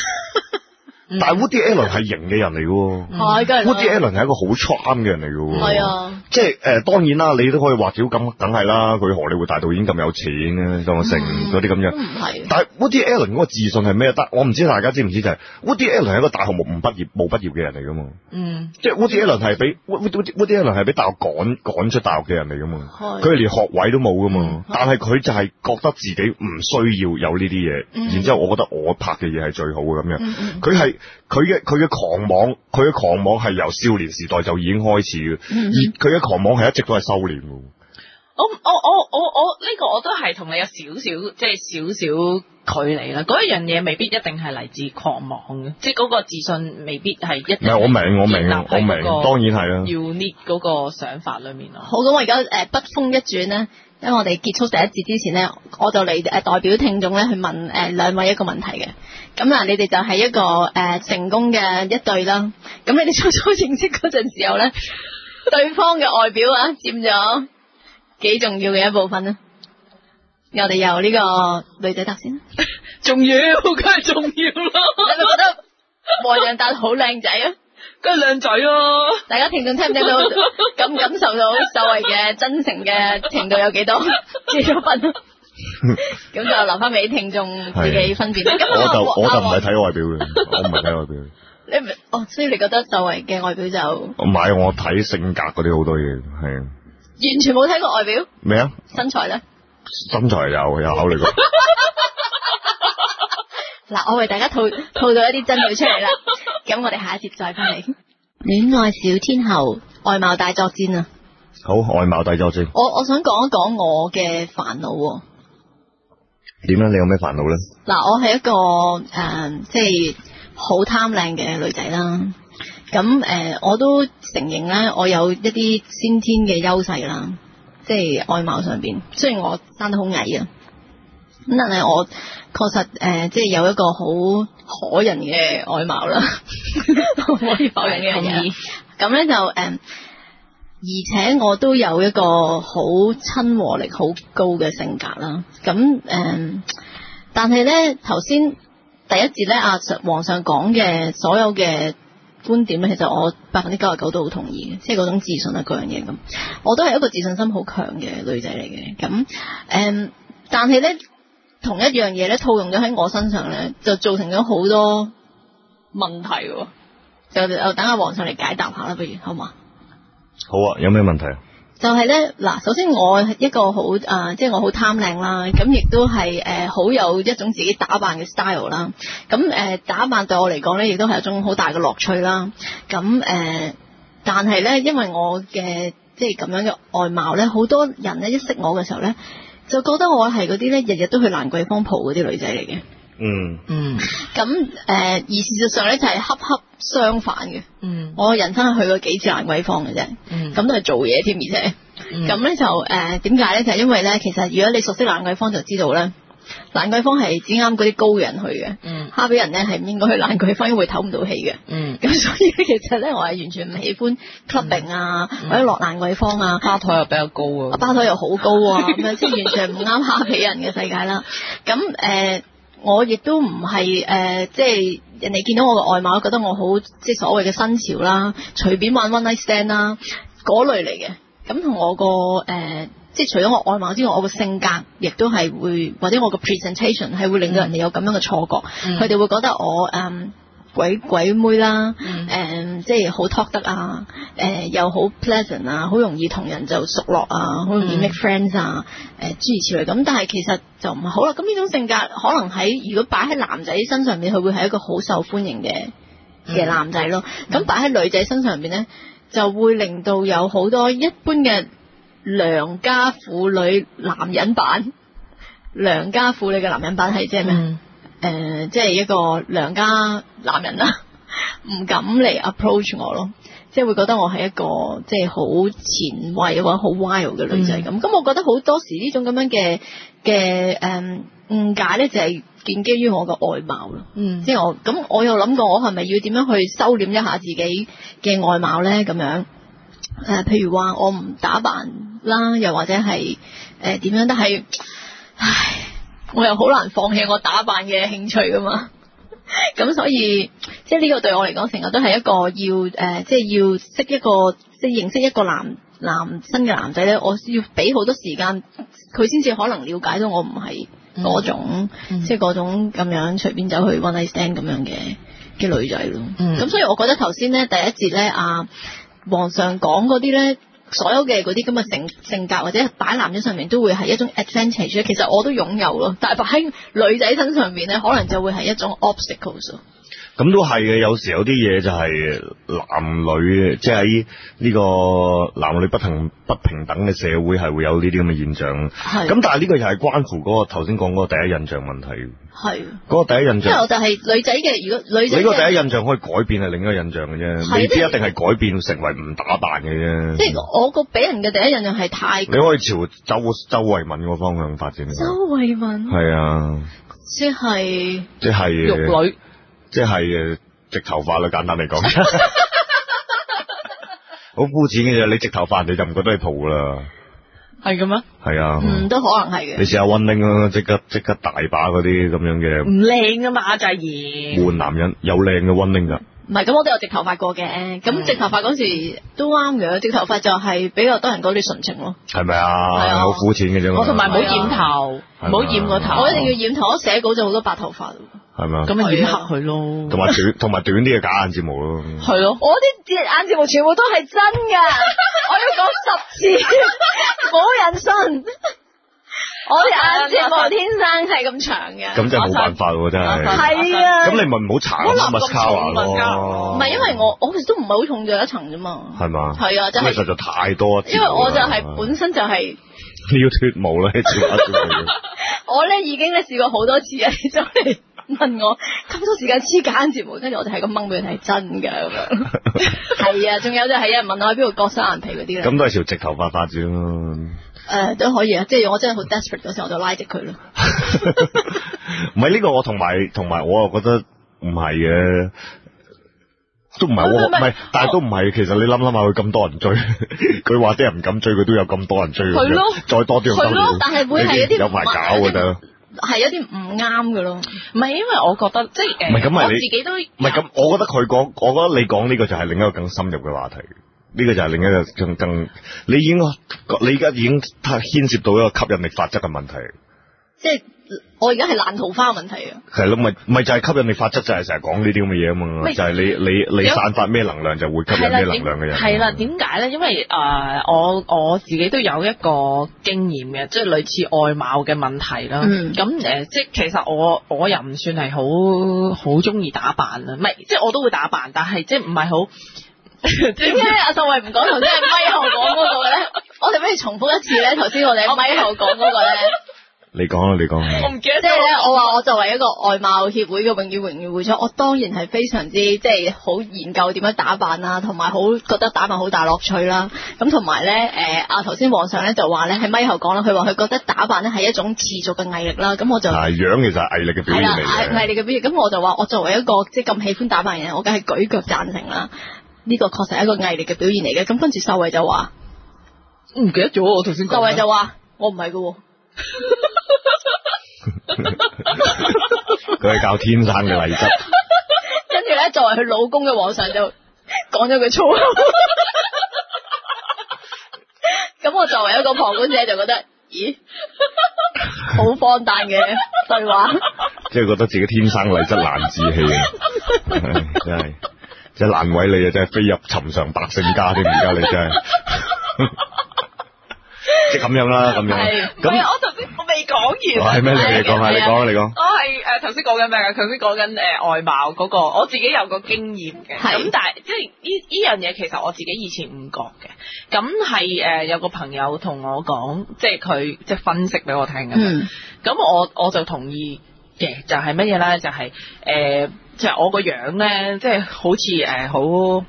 但係 Woody Allen 係型嘅人嚟噶，係，Woody Allen 係一個好 charm 嘅人嚟噶，係啊，即係誒，當然啦，你都可以話，如果咁，梗係啦，佢荷里活大導演咁有錢咧，當成嗰啲咁樣，係，但係 Woody Allen 嗰個自信係咩？得，我唔知大家知唔知就係 Woody Allen 係一個大學唔畢業冇畢業嘅人嚟噶嘛，嗯，即係 Woody Allen 係俾 Woody Allen 係俾大學趕趕出大學嘅人嚟噶嘛，佢係連學位都冇噶嘛，但係佢就係覺得自己唔需要有呢啲嘢，然之後我覺得我拍嘅嘢係最好嘅咁樣，佢係。佢嘅佢嘅狂妄，佢嘅狂妄係由少年時代就已經開始嘅，而佢嘅狂妄係一直都係修煉嘅。我我我我我呢個我都係同你有少少，即係少少距離啦。嗰一樣嘢未必一定係嚟自狂妄嘅，即係嗰個自信未必係一定。唔係我明，我明，我明，當然係啦，啊。要呢嗰個想法裏面咯。好，咁我而家誒，筆鋒一轉咧。喺我哋結束第一節之前咧，我就嚟誒代表聽眾咧去問誒、呃、兩位一個問題嘅。咁嗱，你哋就係一個誒、呃、成功嘅一對啦。咁你哋初初認識嗰陣時候咧， 對方嘅外表啊佔咗幾重要嘅一部分啊？我哋由呢個女仔答先。 重要梗係重要啦。 你咪覺得黃洋達好靚仔啊？都靚仔咯！啊、大家聽眾聽唔聽到？感唔感受到秀慧嘅真誠嘅程度有幾多？幾 有分？咯？咁就留翻俾聽眾自己分辨啦是。我就我就唔係睇外表嘅， 我唔係睇外表。你唔哦？所以你覺得秀慧嘅外表就？唔係，我睇性格嗰啲好多嘢係。完全冇睇過外表？咩啊麼？身材咧？身材有有考慮過。 嗱，我為大家套吐，吐到一啲真貌出嚟啦，咁我哋下一節再翻嚟。戀愛小天后，外貌大作戰啊！好，外貌大作戰。我我想講一講我嘅煩惱。點樣？你有咩煩惱呢？嗱，我係一個誒，即係好貪靚嘅女仔啦。咁誒、呃，我都承認咧，我有一啲先天嘅優勢啦，即係外貌上面。雖然我生得好矮啊。咁但係我確實誒，即、呃、係、就是、有一個好可人嘅外貌啦，唔可以否認嘅。同意。咁咧就誒、呃，而且我都有一個好親和力好高嘅性格啦。咁誒、呃，但係咧頭先第一節咧阿皇上講嘅所有嘅觀點咧，其實我百分之九十九都好同意嘅，即係嗰種自信啊，嗰樣嘢咁。我都係一個自信心好強嘅女仔嚟嘅。咁誒、呃，但係咧。同一樣嘢咧套用咗喺我身上咧，就造成咗好多問題。 就就等阿黃上嚟解答下啦，不如好嘛？好啊，有咩問題？就係呢嗱，首先我一個好啊，即、呃、係、就是、我好貪靚啦，咁亦都係誒好有一種自己打扮嘅 style 啦。咁誒打扮對我嚟講呢，亦都係一種好大嘅樂趣啦。咁誒，但係呢，呃、因為我嘅即係咁樣嘅外貌呢，好多人呢一識我嘅時候呢。就覺得我係嗰啲咧，日日都去蘭桂坊蒲嗰啲女仔嚟嘅。嗯嗯。咁誒、 呃，而事實上咧就係、是、恰恰相反嘅。嗯。我人生去過幾次蘭桂坊嘅啫。嗯。咁都係做嘢添，而且咁咧就誒，點解咧？就係、是、因為咧，其實如果你熟悉蘭桂坊就知道咧。蘭桂坊係只啱嗰啲高人去嘅，哈、嗯、比人咧係唔應該去蘭桂坊，因為會唞唔到氣嘅。咁、嗯、所以其實咧，我係完全唔喜歡 clubbing 啊、嗯，或者落蘭桂坊啊，包台又比較高啊，包台又好高啊，咁、啊、 樣即係完全唔啱哈比人嘅世界啦。咁、嗯、誒、呃，我亦都唔係誒，即係人哋見到我個外貌，覺得我好即係所謂嘅新潮啦，隨便玩 one night stand 啦嗰類嚟嘅。咁、嗯、同我個誒。嗯嗯嗯即係除咗我外貌之外，我個性格亦都係會，或者我個 presentation 係會令到人哋有咁樣嘅錯覺，佢哋、嗯、會覺得我誒、呃、鬼鬼妹啦，誒、呃、即係好 talk 得啊、呃，誒又好 pleasant 啊、呃，好容易同人就熟絡啊，好容易 make friends 啊、嗯，誒、呃、諸如此類咁，但係其實就唔係好啦。咁呢種性格可能喺如果擺喺男仔身上面，佢會係一個好受歡迎嘅嘅男仔咯。咁擺喺女仔身上邊咧，就會令到有好多一般嘅良家婦女男人版，良家婦女嘅男人版係即係咩？誒、嗯呃，即係一個良家男人啦、啊，唔敢嚟 approach 我咯，即係會覺得我係一個即係好前衛或者好 wild 嘅女仔咁。咁、嗯嗯、我覺得好多時呢種咁樣嘅嘅誒誤解咧，就係建基於我個外貌咯。嗯，即係我咁，我又諗過我係咪要點樣去收斂一下自己嘅外貌咧？咁樣。誒、呃，譬如話我唔打扮啦，又或者係誒點樣都係，唉，我又好難放棄我打扮嘅興趣噶嘛。咁所以即係呢個對我嚟講，成日都係一個要誒，即係要識一個即係認識一個男男生嘅男仔咧，我要俾好多時間佢先至可能了解到我唔係嗰種即係嗰種咁樣隨便走去 One Night Stand 咁樣嘅嘅女仔咯。咁、嗯嗯、所以我覺得頭先咧第一節咧阿，啊皇上講嗰啲咧，所有嘅嗰啲咁嘅性性格或者擺男人上面都會係一種 advantage，其實我都擁有咯，但係喺女仔身上面咧，可能就會係一種 obstacles。咁都係嘅，有時有啲嘢就係男女，即係喺呢個男女不平不平等嘅社會，係會有呢啲咁嘅現象。係咁，但係呢個又係關乎嗰個頭先講嗰個第一印象問題。係嗰的個第一印象，因為我就係女仔嘅，如果女仔，你個第一印象可以改變，係另一個印象嘅啫，未必的一定係改變成為唔打扮嘅啫。即係的我個俾人嘅第一印象係太，你可以朝周周慧敏個方向發展。周慧敏係啊，即係即係玉女。即係誒，植頭髮啦，簡單嚟講，好膚淺嘅嘢。你直頭髮，你就唔覺得係蒲啦？係咁咩？係啊的、嗯，都可能係嘅。你試下溫拎啦，即刻即刻大把嗰啲咁樣嘅。唔靚啊嘛，阿仔而換男人有靚嘅溫拎㗎。唔係，咁我都有直頭髮過嘅，咁直頭髮嗰時都啱嘅，直頭髮就係比較多人講你純情咯，係咪啊？係啊，好膚淺嘅啫。我同埋冇染頭，冇、啊、染過頭，是是啊、我一定要染頭，我寫稿就好多白頭髮、啊、咯。咪嘛、啊？咁啊染黑佢咯。同埋短，同埋短啲嘅假眼睫毛咯。係咯、啊，我啲眼睫毛全部都係真嘅，我要講十次，冇人信。我啲眼睫毛天生係咁長嘅，咁就冇辦法喎，真係。係啊，咁你咪唔好搽咯，勿抹卡哇咯，唔係因為我我其實都唔係好重着一層啫嘛。係嘛？係啊，真係實在太多。因為我就係本身就係要脫毛咧。我咧已經咧試過好多次啊，你再問我咁多時間黐假眼睫毛，跟住我就係咁掹俾你睇真嘅咁樣。係啊，仲有就係有人問我喺邊度割雙眼皮嗰啲咧。咁都係朝直頭髮發展咯。誒，都可以啊！即係我真係好 desperate 嗰時，我就拉直佢咯。唔係呢個，我同埋同埋，我又覺得唔係嘅，都唔係唔係，但係都唔係。其實你諗諗下，佢咁多人追，佢話啲人唔敢追，佢都有咁多人追佢。係咯，再多啲人收咯，但係會係一啲有排搞嘅咯。係有啲唔啱嘅咯，唔係因為我覺得即係誒，你自己都唔係咁。我覺得佢講，我覺得你講呢個就係另一個更深入嘅話題。呢個就係另一個更更，你已經你而家已經牽涉到一個吸引力法則嘅問題，即。即係我而家係爛桃花問題啊！係咯，咪咪就係吸引力法則就，是就係成日講呢啲咁嘅嘢啊嘛，就係你你你散發咩能量就會吸引咩能量嘅人。係啦，點解咧？因為啊，uh, 我我自己都有一個經驗嘅、就係嗯呃，即係類似外貌嘅問題啦。咁誒，即係其實我我又唔算係好好中意打扮啊，唔係即係我都會打扮，但係即係唔係好。點解阿秀慧唔講，頭先係咪後講嗰個咧？我哋不如重複一次咧，頭先我哋咪後講嗰個咧。你講啦，你講。我唔記得。即係咧，我話我作為一個外貌協會嘅永遠榮譽會長，我當然係非常之即係好研究點樣打扮啦，同埋好覺得打扮好大樂趣啦。咁同埋咧，誒、啊，阿頭先皇上咧就話咧喺咪後講啦？佢話佢覺得打扮咧係一種持續嘅毅力啦。咁我就係、啊、樣，其實係毅力嘅表現，毅力嘅表現。咁我就話我作為一個即係咁喜歡打扮嘅人，我梗係舉腳贊成啦。呢個確實係一個毅力嘅表現嚟嘅，咁跟住秀慧就話：唔記得咗我頭先。秀慧就話：我唔係嘅，佢係 教天生嘅麗質。跟住咧，作為佢老公嘅皇上就講咗句粗口。咁 我作為一個旁觀者就覺得，咦，好荒誕嘅對話。即係 覺得自己天生麗質難自棄啊！真係。 即係難為你啊！你真係飛入尋常百姓家添，而家你真係即係咁樣啦，咁樣。係，唔係我頭先我未講完。我係咩？你嚟講下，你講你講。我係誒頭先講緊咩啊？佢頭先講緊誒外貌嗰個，我自己有個經驗嘅。係。咁但係即係呢呢樣嘢，其實我自己以前唔覺嘅。咁係誒有個朋友同我講，即係佢即係分析俾我聽嘅。嗯。咁我我就同意嘅，就係乜嘢咧？就係誒。就係就係誒即係我個樣咧，即係好似誒，好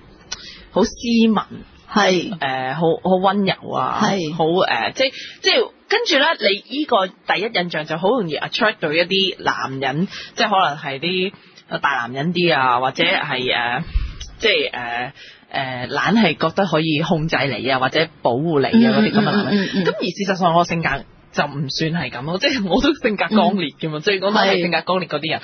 好斯文，係誒是，好好溫柔啊，係好誒，即係即係跟住咧，你依個第一印象就好容易 attract 到一啲男人，即係可能係啲大男人啲啊，或者係誒，即係誒誒，懶係覺得可以控制你啊，或者保護你啊嗰啲咁嘅男人、嗯嗯嗯嗯、咁而事實上我性格。就唔算係咁咯，即係我都性格剛烈嘅嘛，所以講埋性格剛烈嗰啲人，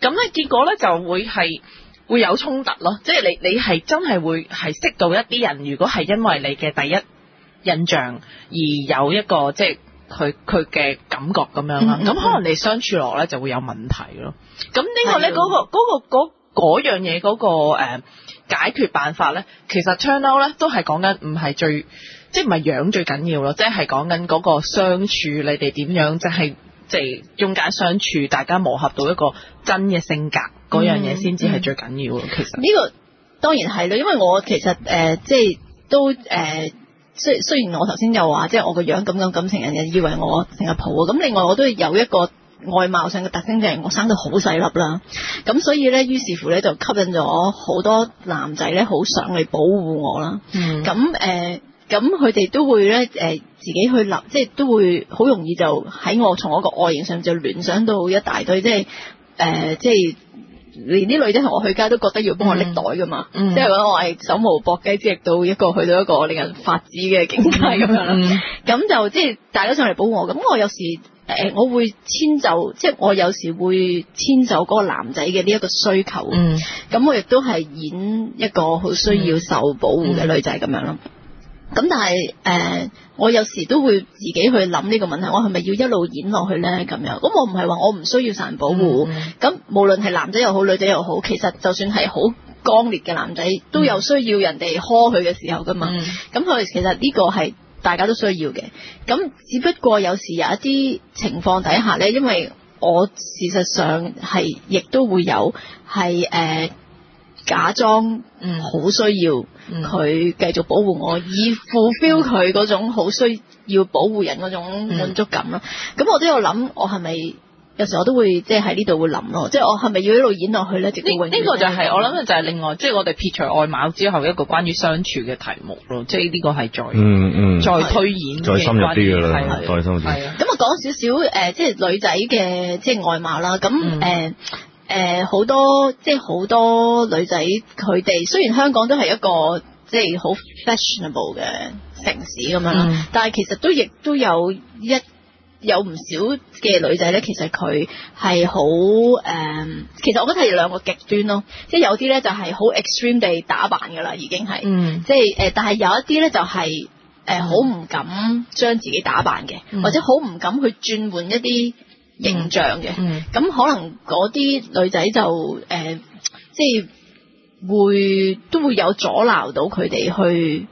咁咧是的 結果咧就會係會有衝突咯，即係你你係真係會係識到一啲人，如果係因為你嘅第一印象而有一個即係佢佢嘅感覺咁樣啦，咁、嗯、可能你相處落咧就會有問題咯。咁、嗯、呢是的、嗰個咧嗰、嗰個嗰、嗰個嗰個、樣嘢嗰、嗰個、呃、解決辦法咧，其實 turn off 咧都係講緊唔係最。即係唔係樣最緊要咯，即係講緊嗰個相處，你哋點樣就係即係中間相處，大家磨合到一個真嘅性格嗰、嗯、樣嘢，先至係最緊要咯。其實呢、這個當然係啦，因為我其實誒、呃、即係都誒、呃、雖雖然我頭先又話，即係我個樣咁咁咁，感情人人以為我成日抱啊。咁另外我都有一個外貌上嘅特徵，就係、是、我生得好細粒啦。咁所以呢，於是乎呢，就吸引咗好多男仔呢，好想嚟保護我啦。咁誒。呃咁佢哋都會咧，誒，自己去諗，即係都會好容易就喺我從我個外形上就聯想到一大堆，即係，誒、呃，即係連啲女仔同我去街都覺得要幫我拎袋噶嘛，嗯、即係我係手無搏雞之力到一個去到一個令人發指嘅境界咁、嗯、樣啦。咁、嗯、就即係大家上嚟保護我，咁我有時誒我會遷就，即係我有時會遷就嗰個男仔嘅呢一個需求。咁、嗯、我亦都係演一個好需要受保護嘅女仔咁樣咯。嗯嗯嗯咁但係誒、呃，我有時都會自己去諗呢個問題，我係咪要一路演落去咧？咁樣，咁我唔係話我唔需要性保護，咁、嗯、無論係男仔又好，女仔又好，其實就算係好剛烈嘅男仔，都有需要人哋呵佢嘅時候噶嘛。咁佢、嗯、其實呢個係大家都需要嘅，咁只不過有時有一啲情況底下咧，因為我事實上係亦都會有係誒、呃、假裝唔好需要。佢繼續保護我，以 fulfil 佢嗰種好需要保護人嗰種滿足感咯。咁、嗯、我都有諗，我係咪有時我都會即係喺呢度會諗咯，即係我係咪要一路演落去呢？直呢呢個就係、是、我諗就係另外，即、就、係、是、我哋撇除外貌之後一個關於相處嘅題目咯。即係呢個係再嗯嗯再推演是再深入啲嘅啦，係再深入啲。咁啊講少少誒，即係女仔嘅即係外貌啦。咁誒。呃嗯誒好、呃、多即係好多女仔，佢哋雖然香港都係一個即係好 fashionable 嘅城市咁樣啦，mm. 但係其實都亦都有一有唔少嘅女仔咧，其實佢係好誒，其實我覺得係兩個極端咯，即係有啲咧就係好 extreme 地打扮㗎喇，已經係，即係誒，但係有一啲咧就係誒好唔敢將自己打扮嘅，mm. 或者好唔敢去轉換一啲。形象嘅，咁、嗯、可能嗰啲女仔就誒，即、呃、係、就是、會都會有阻撓到佢哋去，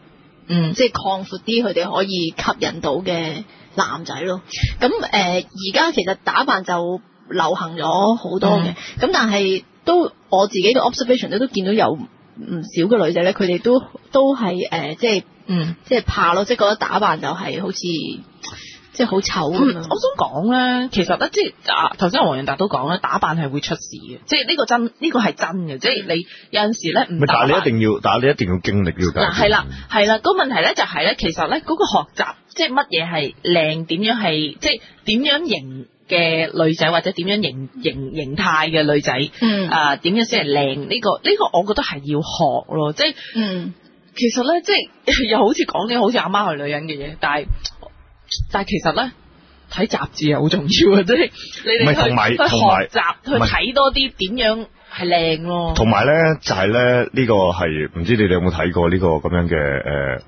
嗯，即係擴闊啲佢哋可以吸引到嘅男仔咯。咁誒，而、呃、家其實打扮就流行咗好多嘅，咁、嗯、但係都我自己嘅 observation 咧，都見到有唔少嘅女仔咧，佢哋都都係誒，即、呃、係、就是、嗯，即係怕咯，即、就、係、是、覺得打扮就係好似。即係好醜啊！嗯、我想講咧，其實咧，即係啊，頭先黃洋達都講啦，打扮係會出事嘅，即係呢個真，呢個係真嘅，即係你有陣時咧唔打扮，但係你一定要，但係你一定要經歷要解。嗱係、啊、啦，係啦，個問題咧就係、是、咧，其實咧嗰個學習，即係乜嘢係靚，點樣係，即係點樣型嘅女仔，或者點樣型型形態嘅女仔，嗯啊，點、呃、樣先係靚？呢個呢個，這個、我覺得係要學咯，即係，嗯，其實咧，即係又好似講啲好似阿媽係女人嘅嘢，但係。但係其實咧，睇雜誌啊，好重要啊！即係你哋去去學習，去睇多啲點是樣係靚咯。同埋咧，就係、是、咧呢、這個係唔知你哋有冇睇過呢、這個咁樣嘅誒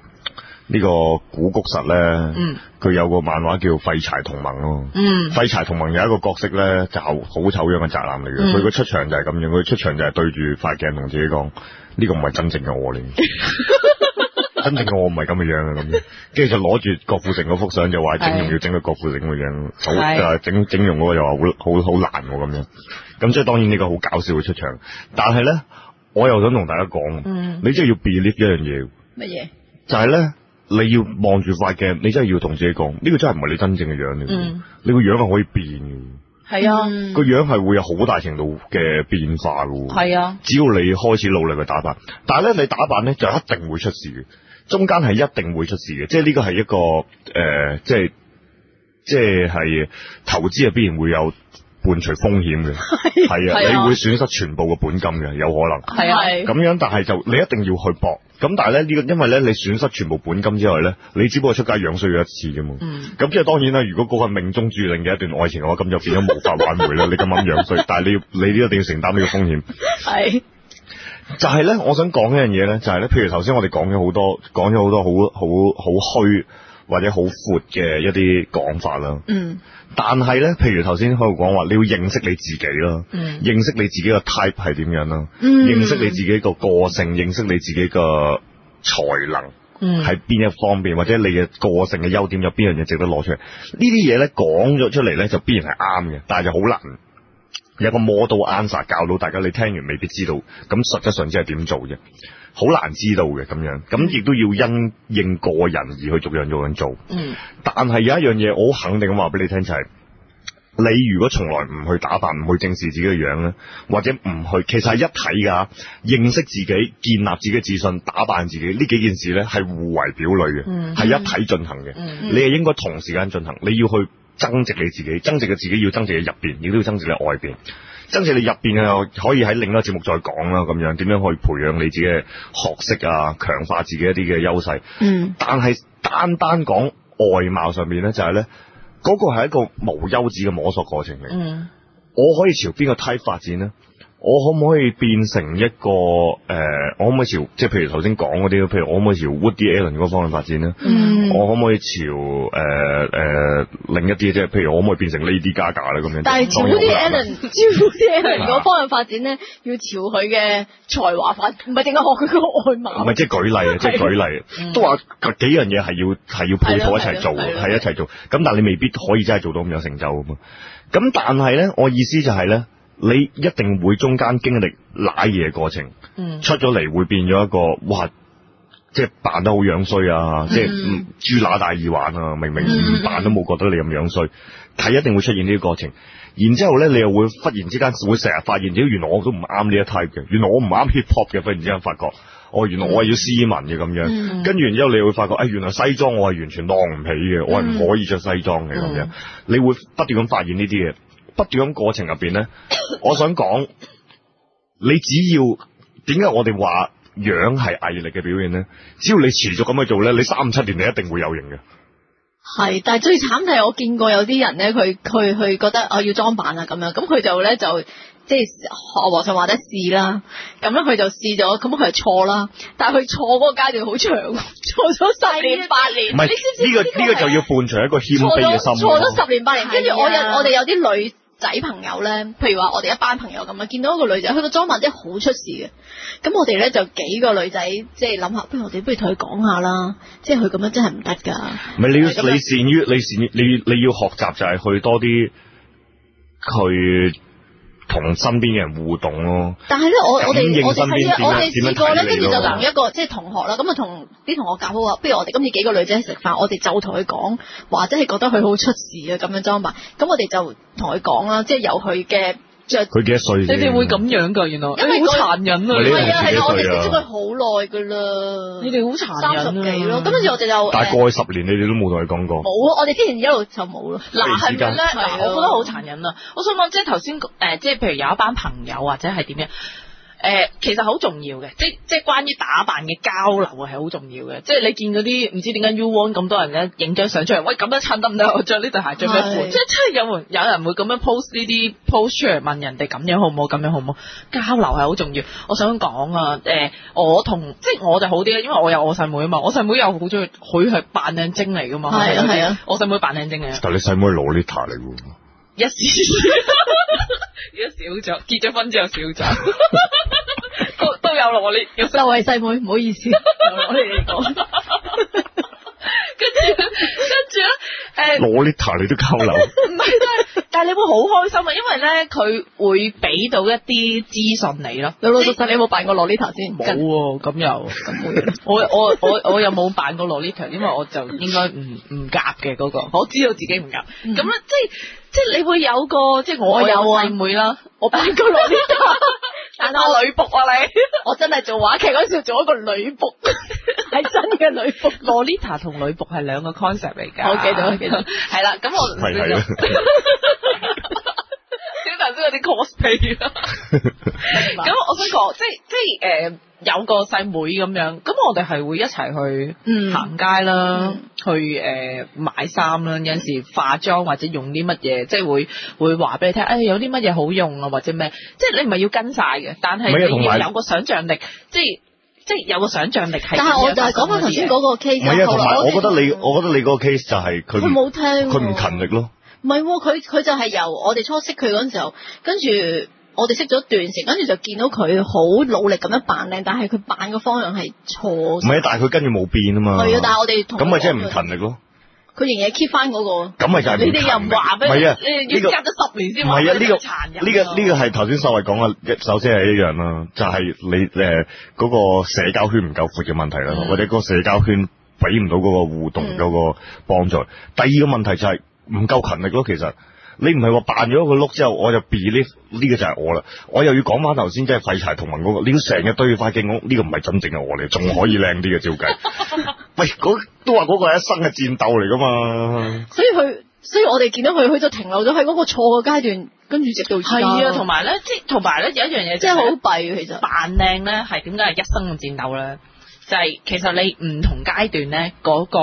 呢個古谷實咧？佢、嗯、有個漫畫叫廢柴同盟咯。嗯，廢柴同盟有一個角色咧就好好醜樣嘅宅男嚟嘅，佢個、嗯、出場就係咁樣，佢出場就係對住塊鏡同自己講：呢、這個唔係真正嘅我嚟。 真正嘅我唔係咁嘅樣啊。咁， 跟住就攞住郭富城嗰幅相就話整容要整到郭富城嘅樣，是的、就是、樣，就係整整容嗰個又話好好好難咁樣，咁即係當然呢個好搞笑嘅出場。但係咧，我又想同大家講，嗯、你真係要 be aware 一樣嘢，乜嘢麼？就係咧，你要望住塊鏡，你真係要同自己講，呢、這個真係唔係你真正嘅樣、嗯、你個樣係可以變嘅，係啊，個樣係會有好大程度嘅變化嘅，係啊，只要你開始努力去打扮，但係咧你打扮咧就一定會出事嘅。中間係一定會出事嘅，即係呢個係一個誒、呃，即係即係投資啊，必然會有伴隨風險嘅，係啊是，的你會損失全部嘅本金嘅，有可能係啊，咁的樣，但係就你一定要去搏，咁但係咧呢個因為咧你損失全部本金之外咧，你只不過出街樣衰咗一次啫嘛，咁、嗯、即係當然啦，如果嗰個命中注定嘅一段愛情嘅話，咁就變咗無法挽回啦， 你咁樣樣衰，但係你，你要你呢一定要承擔呢個風險。係。就係咧，我想講一樣嘢咧，就係咧，譬如頭先我哋講咗好多，講咗好多好，好，好虛或者好闊嘅一啲講法啦。嗯。但係咧，譬如頭先開度講話，你要認識你自己啦，嗯，認識你自己個 type 係點樣啦，嗯，認識你自己個個性，認識你自己個才能，嗯，係邊一方面、嗯、或者你嘅個性嘅優點有邊樣嘢值得攞出嚟？呢啲嘢咧講咗出嚟咧就必然係啱嘅，但係就好難。有個 model answer 教到大家，你聽完未必知道，咁實質上即係點做啫，好難知道嘅咁樣，咁亦都要因應個人而去逐樣逐樣做。嗯，但係有一樣嘢我好肯定咁話俾你聽就係、是，你如果從來唔去打扮，唔去正視自己嘅樣咧，或者唔去，其實係一體噶，認識自己、建立自己嘅自信、打扮自己呢幾件事咧係互為表裏嘅，係、嗯嗯、一體進行嘅，嗯嗯嗯、你係應該同時間進行，你要去。增值你自己，增值嘅自己要增值你入邊，亦都要增值你外邊。增值你入邊又可以喺另一節目再講啦。咁樣點樣可以培養你自己嘅學識啊，強化自己一啲嘅優勢。嗯，但係單單講外貌上面咧、就是，就係咧嗰個係一個無休止嘅摸索過程嚟。嗯，我可以朝邊個梯發展咧？我可唔可以變成一個誒？我可唔可以朝即係譬如頭先講嗰啲，譬如我可唔可以朝 Woody Allen 嗰方向發展咧？嗯，我可唔可以朝誒誒另一啲即係譬如我可唔可以變成 Lady Gaga 咧咁樣？但係朝 Woody Allen 朝 Woody Allen 嗰方向發展咧，要朝佢嘅才華發，唔係點解學佢嘅外貌？唔係即係舉例啊，即係舉例，都話幾樣嘢係要係要配套一齊做嘅，係一齊做。咁但係你未必可以真係做到咁有成就㗎嘛。咁但係咧，我意思就係咧。你一定會中間經歷瀨嘢過程，嗯、出咗嚟會變咗一個，哇！即係扮得好樣衰啊，嗯、即係豬乸大耳環啊，明明唔扮、嗯、都冇覺得你咁樣衰，係一定會出現呢啲過程。然之後咧，你又會忽然之間會成日發現，原來我都唔啱呢一 type 嘅，原來我唔啱 hip hop 嘅。忽然之間發覺，哦，原來我係要斯文嘅咁樣。嗯嗯、跟住然之後，你會發覺，哎，原來西裝我係完全當唔起嘅，我係唔可以着西裝嘅咁樣。你會不斷咁發現呢啲嘢。不斷咁過程入邊咧，我想講，你只要點解我哋話樣係毅力嘅表現咧？只要你持續咁去做咧，你三五七年你一定會有型嘅。係，但係最慘係我見過有啲人咧，佢佢佢覺得我要裝扮啊咁樣，咁佢就咧就即係和尚話得試啦，咁樣佢就試咗，咁佢係錯啦，但係佢錯嗰個階段好長，錯咗十年八年。唔係呢個呢個，個就要伴隨一個謙卑嘅心。錯咗錯咗十年八年，跟住的我有我哋有啲女仔朋友咧，譬如話我哋一班朋友咁啊，見到一個女仔，去到裝扮真係好出事嘅。咁我哋咧就幾個女仔，即係諗下，不如我哋不如同佢講下啦。即係佢咁樣真係唔得噶。唔係你要你善於你善於你善於你，你要學習就係去多啲佢。同身邊嘅人互動咯。但係咧，我感應 我哋樣我哋係咧，我哋試過咧，跟住就同一個即係、就是、同學啦。咁啊，同啲同學講話，不如我哋今次幾個女仔去食飯，我哋就同佢講話，或者係覺得佢好出事啊，咁樣裝扮。咁我哋就同佢講啦，即係由佢嘅。佢幾多歲多？你哋會咁樣㗎？原來因為好、那個欸、殘忍啊！係啊，係、啊、我哋識咗佢好耐㗎啦。你哋好殘忍！三十幾咯，咁跟住我哋就但係過去十年，你哋都冇同佢講過。冇，啊，我哋之前一路就冇咯。嗱、啊，係咪咧？我覺得好殘忍啊！我想問，即係頭先誒，即係譬如有一班朋友或者係點樣？誒，其實好重要嘅，即即係關於打扮嘅交流啊，係好重要嘅。即係你見嗰啲唔知點解 U One 咁多人咧，影張相出嚟，喂，咁樣襯得唔得？我着呢對鞋，着咩褲？是的 即即係有有人會咁樣 post 呢啲 post 出嚟問人哋咁樣好唔好？咁樣好唔好？交流係好重要。我想講啊，誒、欸，我同即係我就好啲啦，因為我有我細妹啊嘛，我細妹，妹又好中意，佢係扮靚精嚟㗎嘛。係啊係啊，我細妹扮靚精嚟的的。但你細妹係 Lolita 嚟㗎？一少少，而家少咗，結咗婚之後少咗， 都都有咯。我呢位細妹，唔好意思，我哋講。 跟住，跟住咧，誒、欸，羅麗塔你都交流，唔係， 但係你會好開心啊，因為咧佢會俾到一啲資訊你咯。你老實講，你有冇扮過羅麗塔先？冇跟，咁又、啊， 我我我我又冇扮過羅麗塔，因為我就應該唔唔夾嘅嗰個，我知道自己唔夾。咁咧、嗯，即係即係你會有個，即係我，我有啊，妹啦，我扮過羅麗塔，扮 我，我女僕啊你。 我真係做話劇嗰時做一個女僕。係真嘅女僕，Lolita 同女僕係兩個 concept 嚟㗎。我記得，記得係啦。咁、嗯、我，係係啦。呢份都有啲 cosplay 咁我想講，即係即係誒、呃，有個細妹咁樣，咁我哋係會一齊去行街啦，嗯、去誒、呃、買衫啦，有陣時化妝或者用啲乜嘢，即係會會話俾你聽，誒、哎、有啲乜嘢好用啊，或者咩？即係你唔係要跟晒嘅，但係你要有個想象力，即係。即係有個想像力係，但係我就係講翻頭先嗰個 case。唔係啊，同埋我覺得你，嗯、我覺得你嗰個 case 就係佢冇聽，佢唔勤力咯。唔係喎，佢佢就係由我哋初識佢嗰陣時候，跟住我哋識咗段時間，跟住就見到佢好努力咁樣扮靚，但係佢扮嘅方向係錯。唔係，但係佢跟住冇變啊嘛。係啊，但係我哋咁咪即係唔勤力咯。佢仍然係 keep 翻嗰個，咁咪就係你哋又唔話俾，唔係啊，你哋隔咗十年先，唔係啊，呢、這個殘忍，呢、這個呢、這個係頭先稍微講下，首先係一樣啦，就係、是、你誒嗰個社交圈唔夠闊嘅問題啦，嗯、或者個社交圈俾唔到嗰個互動嗰個幫助。嗯、第二個問題就係唔夠勤力咯，其實。你唔係話扮咗個碌之後，我就 believe 呢個就係我啦，我又要講翻頭先，即係廢柴同盟嗰、那個，你要成日對塊鏡講呢個唔係、這個、真正嘅我嚟，仲可以靚啲嘅照計。 喂，嗰都話嗰個係一生嘅戰鬥嚟噶嘛？所以佢，所以我哋見到佢，佢就停留咗喺嗰個錯嘅階段，跟住直到係啊，同埋咧，即係同埋咧有一樣嘢，即係好弊其實扮靚咧，係點解係一生嘅戰鬥咧？就係、是、其實你唔同階段咧，嗰、那個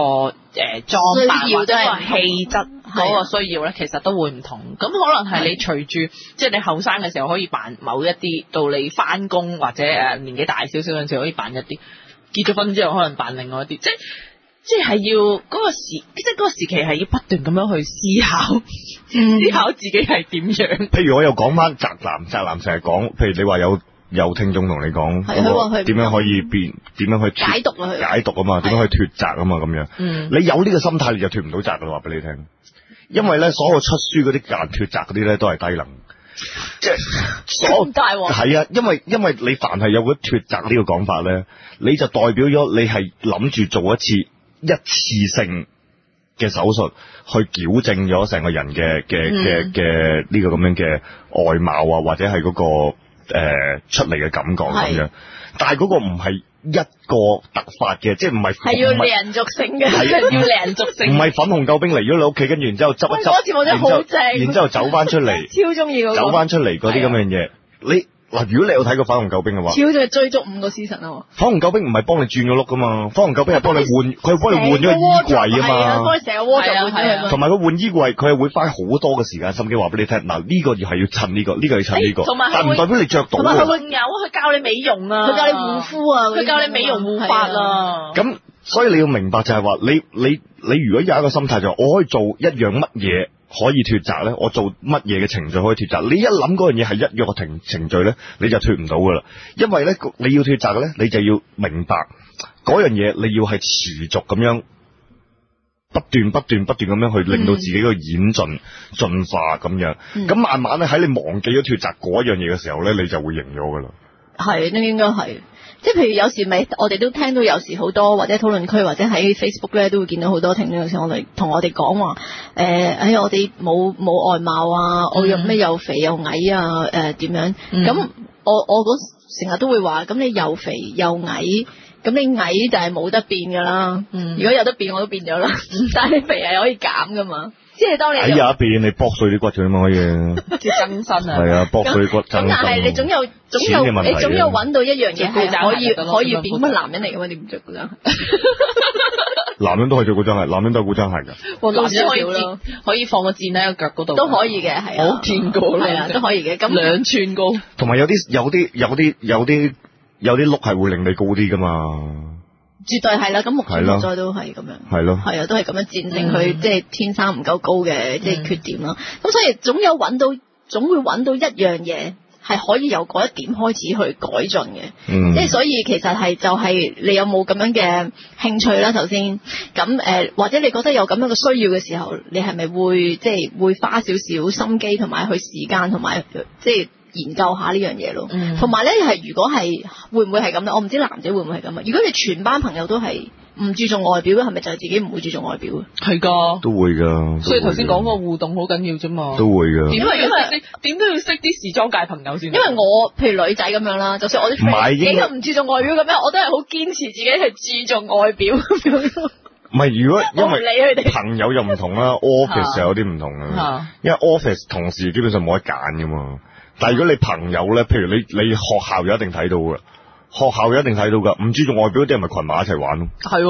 誒裝扮或者係氣質。呃嗰個需要咧，其實都會唔同。咁可能係你隨住，是的 即係你後生嘅時候可以辦某一啲，到你翻工或者誒年紀大少少嘅時候可以辦一啲。結咗婚之後可能辦另外一啲，即係即係要嗰、嗰個時，即係嗰個時期係要不斷咁樣去思考，嗯、思考自己係點樣。譬如我又講翻宅男，宅男成日講，譬如你話有有聽眾同你講點、嗯、樣可以變，點樣去解讀啊？解讀啊嘛，點、嗯、樣去脫宅啊嘛？咁樣，嗯、你有呢個心態你就脫唔到宅啊！話俾你聽。因為咧，所有出書嗰啲隔脫摘嗰啲咧，都係低能，即係咁大鑊。係 糕啊，因為因為你凡係有個脫摘呢個講法咧，你就代表咗你係諗住做一次一次性嘅手術，去矯正咗成個人嘅嘅嘅嘅呢個咁樣嘅外貌啊，或者係嗰、那個誒、呃、出嚟嘅感覺咁樣。是但係嗰個唔係。一個突發嘅，即係唔係，係要連續性嘅，係是 要連續性，唔係 粉紅救兵嚟咗你屋企，跟住然之後執一執，我真係好正，然之後走翻出嚟， 超中意嗰個，走翻出嚟嗰啲咁樣嘢，是啊、你。嗱，如果你有睇過粉紅救兵嘅話，主就係追逐五個女神啊。粉紅救兵唔係幫你轉咗碌噶嘛，粉紅救兵係幫你換，佢幫你換咗衣櫃啊嘛，幫你成日窩咗換。同埋佢換衣櫃，佢係會花好多嘅時間。心機話俾你聽，嗱呢個要係要襯呢個，呢個要襯呢個。但唔代表你着到。同佢會有佢教你美容啊，佢教你護膚啊，佢教你美容護髮啊。咁所以你要明白就係話，你你你如果有一個心態就我可以做一樣乜嘢。可以脫宅咧，我做乜嘢嘅程序可以脫宅？你一諗嗰樣嘢係一樣嘅程序咧，你就脫唔到噶啦。因為咧，你要脫宅咧，你就要明白嗰樣嘢，你要係持續咁樣不斷、不斷、不斷咁樣去令到自己個演進、嗯、進化咁樣。咁慢慢咧，喺你忘記咗脫宅嗰一樣嘢嘅時候咧，你就會贏咗噶啦。係，都應該係。即係譬如有時咪，我哋都聽到有時好多或者討論區，或者喺 Facebook 咧，都會見到好多聽眾，有時我哋同，呃、我哋講話，誒誒我哋冇冇外貌啊，我又咩又肥又矮啊，誒，呃、點樣？咁，嗯、我我成日都會話，咁你又肥又矮，咁你矮就係冇得變㗎啦。嗯，如果有得變我都變咗啦，但係你肥係可以減㗎嘛。即係當你喺入邊，你駁碎啲骨仲點可以？叫真身啊！係啊，駁碎骨就咁。但係你總有總有你總有揾到一樣嘢可以可以變乜男人嚟噶嘛？你唔著古裝鞋，男人都可以著古裝鞋，男人都古裝鞋㗎，男人都可以可以放個箭喺個腳嗰度都可以嘅，係啊，我見過啦，都可以嘅，咁兩寸高。同埋有啲有啲有啲有啲有啲碌係會令你高啲㗎嘛。絕對係啦，咁目前現在都係咁樣，係咯的，係啊的，都係咁樣戰勝佢，即係天生唔夠高嘅即係缺點咯。咁、嗯、所以總有揾到，總會揾到一樣嘢係可以由嗰一點開始去改進嘅，即係、嗯、所以其實係就係你有冇咁樣嘅興趣啦。頭先咁誒，或者你覺得有咁樣嘅需要嘅時候，你係咪會即係、就是、會花少少心機同埋去時間同埋即係。研究下呢樣嘢咯，同埋咧係如果係會唔會係咁咧？我唔知男仔會唔會係咁啊！如果你全班朋友都係唔注重外表，係咪就係自己唔會注重外表啊？係噶的，都會噶。所以頭先講個互動好緊要啫嘛。都會噶。點因為點為為都要識啲時裝界朋友先。因為我譬如女仔咁樣啦，就算我啲 friend 幾唔注重外表咁樣，我都係好堅持自己係注重外表咁樣。唔 係如果因為朋友又唔同啦 ，office 又有啲唔同啊。 因為 office 同事基本上冇得揀噶嘛。但如果你朋友咧，譬如你你學校又一定睇到噶，學校又一定睇到噶，唔注重外表啲人咪群埋一齊玩咯？係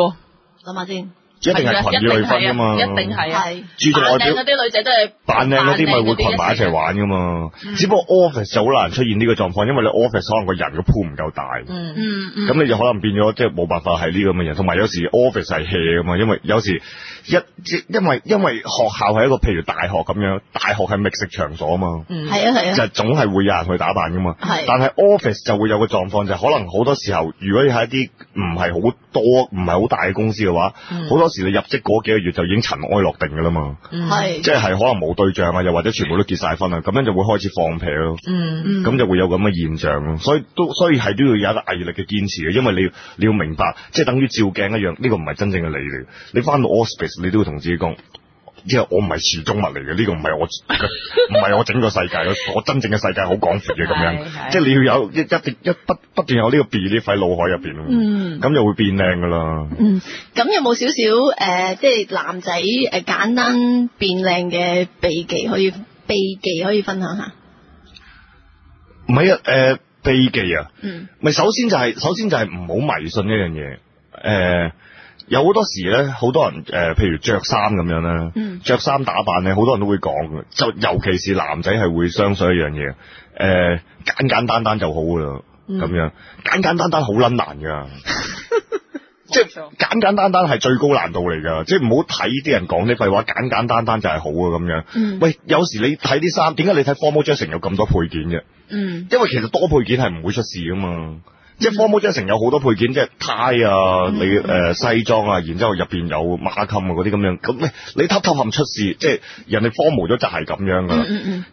諗下先，一定係群以類分噶嘛，一定係啊！注重外表嗰啲女仔都係扮靚嗰啲，咪會群埋一齊玩噶嘛？嗯、只不過 office 就好難出現呢個狀況，因為你 office 可能個人嘅 pool 唔夠大，嗯嗯咁你就可能變咗即係冇辦法係呢咁嘅人，同埋有時 office 係 hea 噶嘛，因為有時。一即因為因為學校係一個譬如大學咁樣，大學係覓食場所啊嘛。嗯，啊係啊，啊就係總係會有人去打扮噶嘛。啊、但係 office 就會有個狀況就係可能好多時候，如果你係一啲唔係好多唔係好大嘅公司嘅話，好、嗯、多時你入職嗰幾個月就已經塵埃落定噶啦嘛。即係、嗯啊、可能冇對象啊，又或者全部都結晒婚啦，咁樣就會開始放屁咯、嗯。嗯咁就會有咁嘅現象，所以都所以係都要有一個毅力嘅堅持嘅，因為你要你，要你要明白，即係等於照鏡一樣，呢、呢個唔係真正嘅你嚟你翻到 office。你都要同自己講，即係我唔係池中物嚟嘅，呢、這個唔係我唔係我整個世界， 我真正嘅世界好廣闊嘅咁樣，即係 你要有一一定一不不斷有呢個 belief 喺腦海入邊咯，咁又、嗯、會變靚噶啦。嗯，咁有冇少少誒，即係男仔誒、呃，簡單變靚嘅秘技可以秘技可以分享下？唔係啊，誒、呃，秘技啊，咪、嗯、首先就係、是、首先就係唔好迷信一樣嘢，誒、呃。嗯有好多時咧，好多人誒、呃，譬如着衫咁樣啦，着衫、嗯、打扮咧，好多人都會講，就尤其是男仔係會相信一樣嘢。誒、嗯呃，簡簡單單，單就好㗎啦，咁、嗯、樣簡簡單單好撚難㗎，嗯、即係沒錯 簡簡單單係最高難度嚟㗎，即係唔好睇啲人講啲廢話，簡簡單單，單就係好㗎咁樣。嗯、喂，有時你睇啲衫，點解你睇 formal dressing 有咁多配件嘅？嗯、因為其實多配件係唔會出事㗎嘛。即係 formal 成有好多配件，即係呔啊，你誒、呃、西裝啊，然之後入邊有馬襟啊嗰啲咁樣。咁喂，你偷偷襟出事，即係人哋 formal 咗就係咁樣噶啦。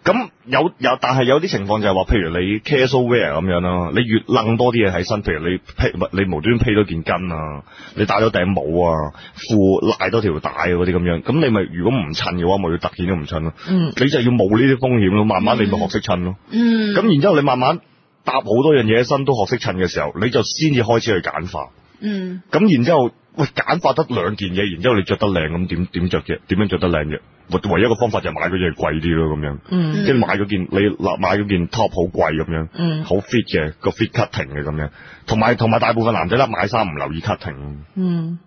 咁有有，但係有啲情況就係話，譬如你 casual wear 咁樣咯，你越掹多啲嘢喺身，譬如你你，你無端端披多件巾啊，你戴咗頂帽啊，褲拉多條帶嗰啲咁樣，咁你咪如果唔襯嘅話，咪要特件都唔襯咯。嗯、你就要冇呢啲風險咯，慢慢你咪學識襯咯。嗯，咁然之後你慢慢。搭好多樣嘢身都學識襯嘅時候，你就先至開始去簡化。嗯、咁然之後，喂，簡化得兩件嘢，然之後你着得靚，咁點點着嘅？點樣着得靚嘅？唯一,一個方法就買嗰件貴啲咯，咁樣。嗯，即係買嗰件你立買嗰件 top 好貴咁樣，嗯，好 fit 嘅個 fit cutting 嘅咁樣，同埋同埋大部分男仔啦，買衫唔留意 cutting。嗯。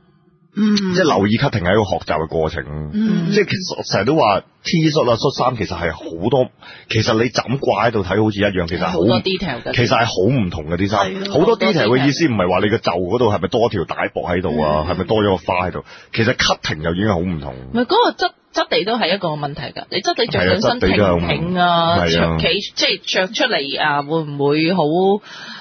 嗯，即係留意 cutting 係一個學習嘅過程。嗯，即係其實成日都話 T 恤啊、恤衫其實係好多，其實你枕掛喺度睇好似一樣，其實好多 detail 嘅，其實係好唔同嘅啲衫。好多 detail 嘅意思唔係話你個袖度係咪多一條大薄喺度啊？係咪多咗個花喺度？其實 cutting 又已經好唔同。唔係個質。質地都係一個問題噶，你質地着上身挺唔挺啊？長企即係着出嚟啊，會唔會好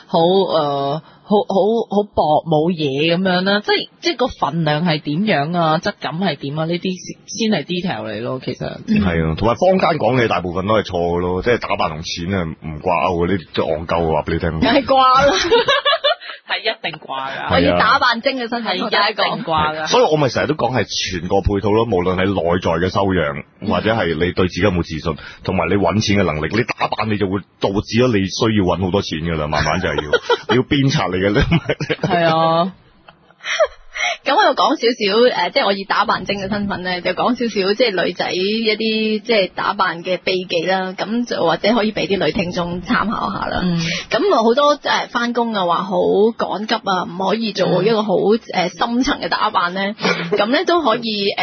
好誒好好好薄冇嘢咁樣啦。即係即係個份量係點樣啊？質感係點啊？呢啲先係 detail 嚟咯，其實係啊，同埋坊間講嘅大部分都係錯嘅咯，即係打扮同錢啊唔掛鈎嗰啲，即係戇鳩嘅話俾你聽，係掛啦，係 一定掛噶，我要打扮精嘅身體而家講掛噶，所以我咪成日都講係全個配套咯，無論係內在，內在內。嘅修養，或者係你對自己冇自信，同埋你揾錢嘅能力，你打扮你就會導致咗你需要揾好多錢噶啦，慢慢就係要， 你要鞭策你嘅咧，係啊。咁我又講少少誒，即係我以打扮精嘅身份咧，就講少少即係女仔一啲即係打扮嘅秘技啦。咁就或者可以俾啲女聽眾參考下啦。咁啊好多誒翻工啊，話好趕急啊，唔可以做一個好誒深層嘅打扮咧。咁咧都可以誒，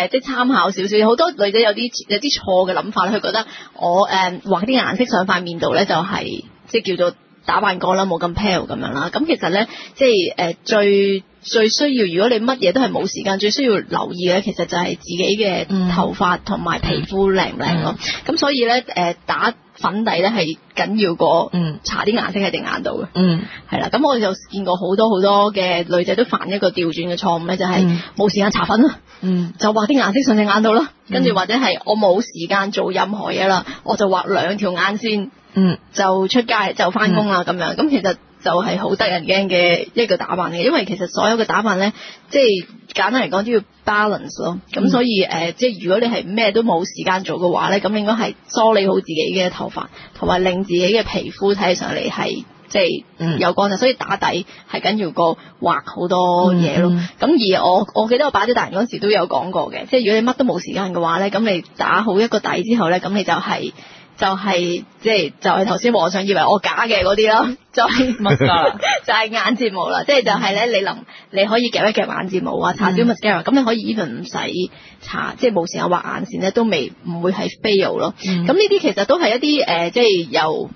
即係參考少少。好多女仔有啲有啲錯嘅諗法咧，佢覺得我誒畫啲顏色上塊面度咧，就係即係叫做打扮過啦，冇咁 pale 咁樣啦。咁其實咧，即係誒最，最需要如果你乜嘢都係冇時間，最需要留意嘅咧，其實就係自己嘅頭髮同埋皮膚靚唔靚咯。咁所以咧，誒打粉底咧係緊要過，嗯，搽啲顏色喺隻眼度嘅，嗯，係啦。咁我就見過好多好多嘅女仔都犯一個調轉嘅錯誤咧，就係冇時間搽粉咯，嗯，就畫啲顏色上隻眼度咯，跟住或者係我冇時間做任何嘢啦，我就畫兩條眼線，嗯，就出街就返工啦咁樣。咁其實。就係好得人驚嘅一個打扮嘅，因為其實所有嘅打扮呢，即係簡單嚟講都要 balance 咯。咁，嗯，所以誒，即係如果你係咩都冇時間做嘅話呢，咁應該係梳理好自己嘅頭髮，同埋令自己嘅皮膚睇起上嚟係即係有光澤。嗯，所以打底係緊要過畫好多嘢咯。咁，嗯嗯，而我我記得我擺啲大人嗰時都有講過嘅，即係如果你乜都冇時間嘅話呢，咁你打好一個底之後呢，咁你就係、是。就係即係就係頭先網上以為我假嘅嗰啲咯，就係、是、冇錯 就係眼睫毛啦，即係就係、是、咧，你臨你可以夾一夾眼睫毛啊，搽啲 maskara mascara，咁你可以 even 唔使搽，即係冇時間畫眼線咧，都未唔會係 fail 咯、mm。咁呢啲其實都係一啲誒，即、呃、係、就是、由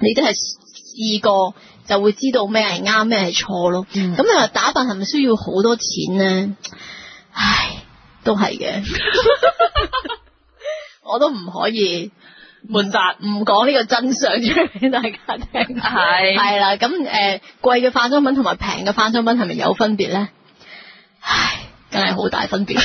你都係試過就會知道咩係啱，咩係錯咯。咁你話打扮係咪需要好多錢咧？唉，都係嘅， 我都唔可以。悶雜唔講呢個真相出嚟俾大家聽，係係啦，咁誒，貴嘅化妝品同埋平嘅化妝品係咪有分別咧？唉，真係好大分別。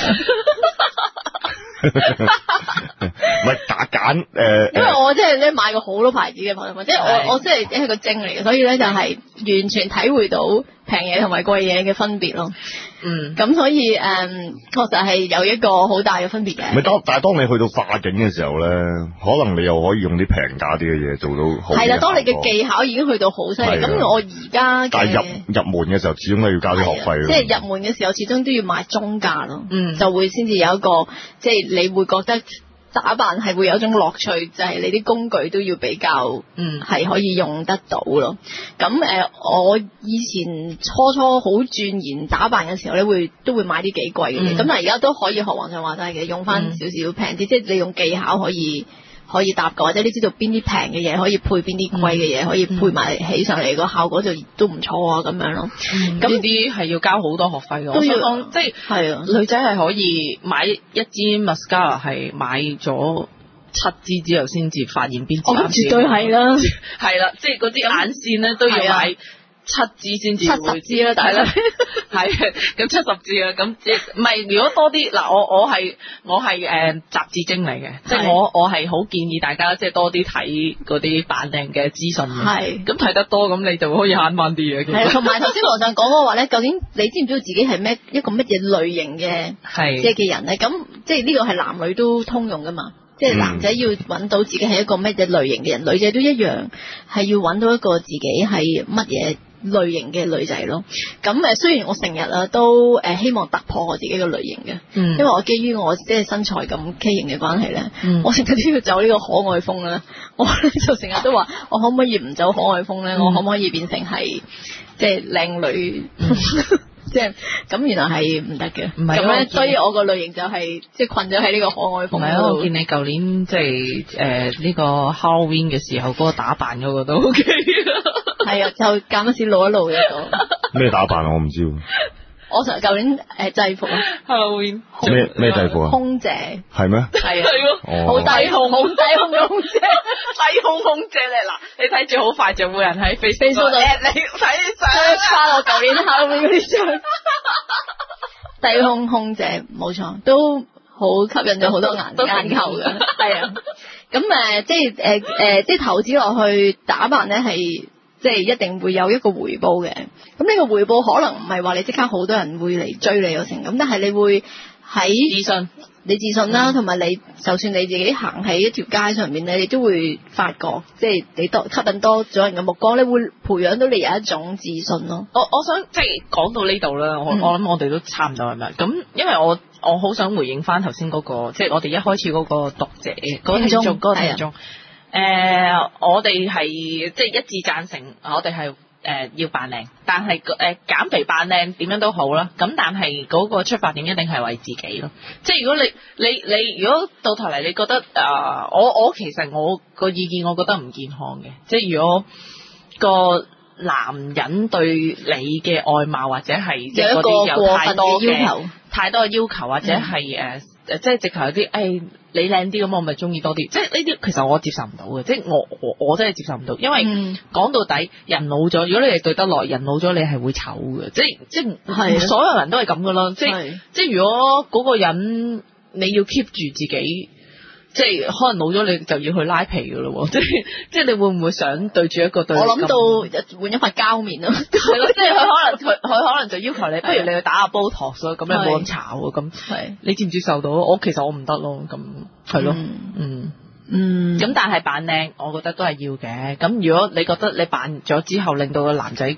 唔係打揀誒，因為我即係咧買過好多牌子嘅化妝品，即係是我我即係一個精嚟嘅，所以咧就係完全體會到平嘢同埋貴嘢嘅分別咯。嗯，咁所以誒、嗯，確實係有一個好大嘅分別嘅。唔係當，但係當你去到化境嘅時候咧，可能你又可以用啲平價啲嘅嘢做到好。好。係啦，當你嘅技巧已經去到好犀利，咁的我而家但係入入門嘅時候，始終都要交啲學費咯。即係、就是、入門嘅時候，始終都要買中價咯。嗯，就會先至有一個，即、就、係、是、你會覺得。打扮係會有一種樂趣，就係、是、你啲工具都要比較，嗯，係可以用得到咯。咁誒、呃，我以前初初好鑽研打扮嘅時候咧，會都會買啲幾貴嘅嘢。咁、嗯、但係而家都可以學皇上話齋嘅，用翻少少平啲，嗯、即係你用技巧可以。可以搭嘅，或者你知道邊啲平嘅嘢可以配邊啲貴嘅嘢，可以配埋起上嚟，個效果就都唔錯啊，咁樣咯。咁呢啲係要交好多學費嘅，我覺得即係女仔係可以買一支 mascara 係買咗七支之後先至發現邊支。哦，絕對係啦，係啦，即係嗰啲眼線咧都要買。七字先至七十字啦，大啦，係咁七十字啊，咁即係唔係？如果多啲嗱，我我係我係誒、呃、雜誌精嚟嘅。是即係我我係好建議大家即係多啲睇嗰啲扮靚嘅資訊嘅，係咁睇得多，咁你就可以慳翻啲嘢嘅。係同埋頭先皇上講嗰個話咧，究竟你知唔知道自己係咩一個乜嘢類型嘅，係是即係嘅人咧？咁即係呢個係男女都通用噶嘛？即係男仔要搵到自己係一個乜嘢類型嘅人，嗯、女仔都一樣，係要搵到一個自己係乜嘢？類型嘅女仔咯，咁誒雖然我成日啊都誒希望突破我自己嘅類型嘅，嗯，因為基於我基於我即係身材咁畸形嘅關係咧，嗯，我成日都要走呢個可愛風啦，我咧就成日都話我可唔可以唔走可愛風咧？嗯，我可唔可以變成係即係靚女？嗯 即係咁，原來係唔得嘅。咁咧、啊，所以我個類型就係即係困咗喺呢個可愛風度。係啊，我見你舊年即係誒呢個 Halloween 嘅時候嗰、嗰個打扮嗰個都 OK 啦。係啊，就咁先露一露嘅咁。咩打扮啊？我唔知。我就舊年誒制服啊，Hello w i n 咩咩制服啊？空姐係咩？係啊，好低胸，好低胸嘅空姐，低胸空姐咧，嗱，你睇住好快就冇人喺 Facebook 度，你睇相啦，我舊年 Hello w i 啲相，低胸空姐冇錯，都好吸引咗好多眼球嘅，係啊，咁誒，即係誒誒，即係投資落去打扮咧係。即係一定會有一個回報嘅，咁、這、呢個回報可能唔係話你即刻好多人會嚟追你有成咁，但係你會喺自信，你自信啦，同埋、嗯、你就算你自己行喺一條街上面，咧，你都會發覺，即係你多吸引多咗人嘅目光咧，你會培養到你有一種自信咯。我想我，、嗯、我想即係講到呢度啦，我我諗我哋都差唔多係咪？咁因為我我好想回應翻頭先嗰個，即係我哋一開始嗰個讀者嗰聽眾中，嗰聽眾。聽中嗯誒、呃，我哋係即係一致贊成，我哋係誒要扮靚，但係誒減肥扮靚點樣都好啦。咁但係嗰個出發點一定係為自己咯。即係如果你你你，如果到頭嚟你覺得誒、呃，我我其實我個意見，我覺得唔健康嘅。即係如果個男人對你嘅外貌或者係有太多要求，太多要求，或者係誒。呃誒、哎，即係直頭有啲，誒，你靚啲咁，我咪中意多啲。即係呢啲，其實我接受唔到嘅，即係我我我真係接受唔到。因為講、嗯、到底，人老咗，如果你哋對得耐，人老咗你係會醜嘅。即係即係，是的 所有人都係咁噶啦。即係是的 即係，如果嗰個人你要 keep 住自己。即係可能老咗，你就要去拉皮噶咯，即係即係你會唔會想對住一個對？我諗到換一塊膠面咯，係咯，即係佢可能佢可能就要求你，不是的 如你去打下煲托 t o x 咯，咁是的 你冇咁炒啊，咁係你接唔接受到？是的 我其實我唔得咯，咁係咯，嗯嗯，咁、嗯、但係扮靚，我覺得都係要嘅。咁如果你覺得你扮咗之後令到個男仔。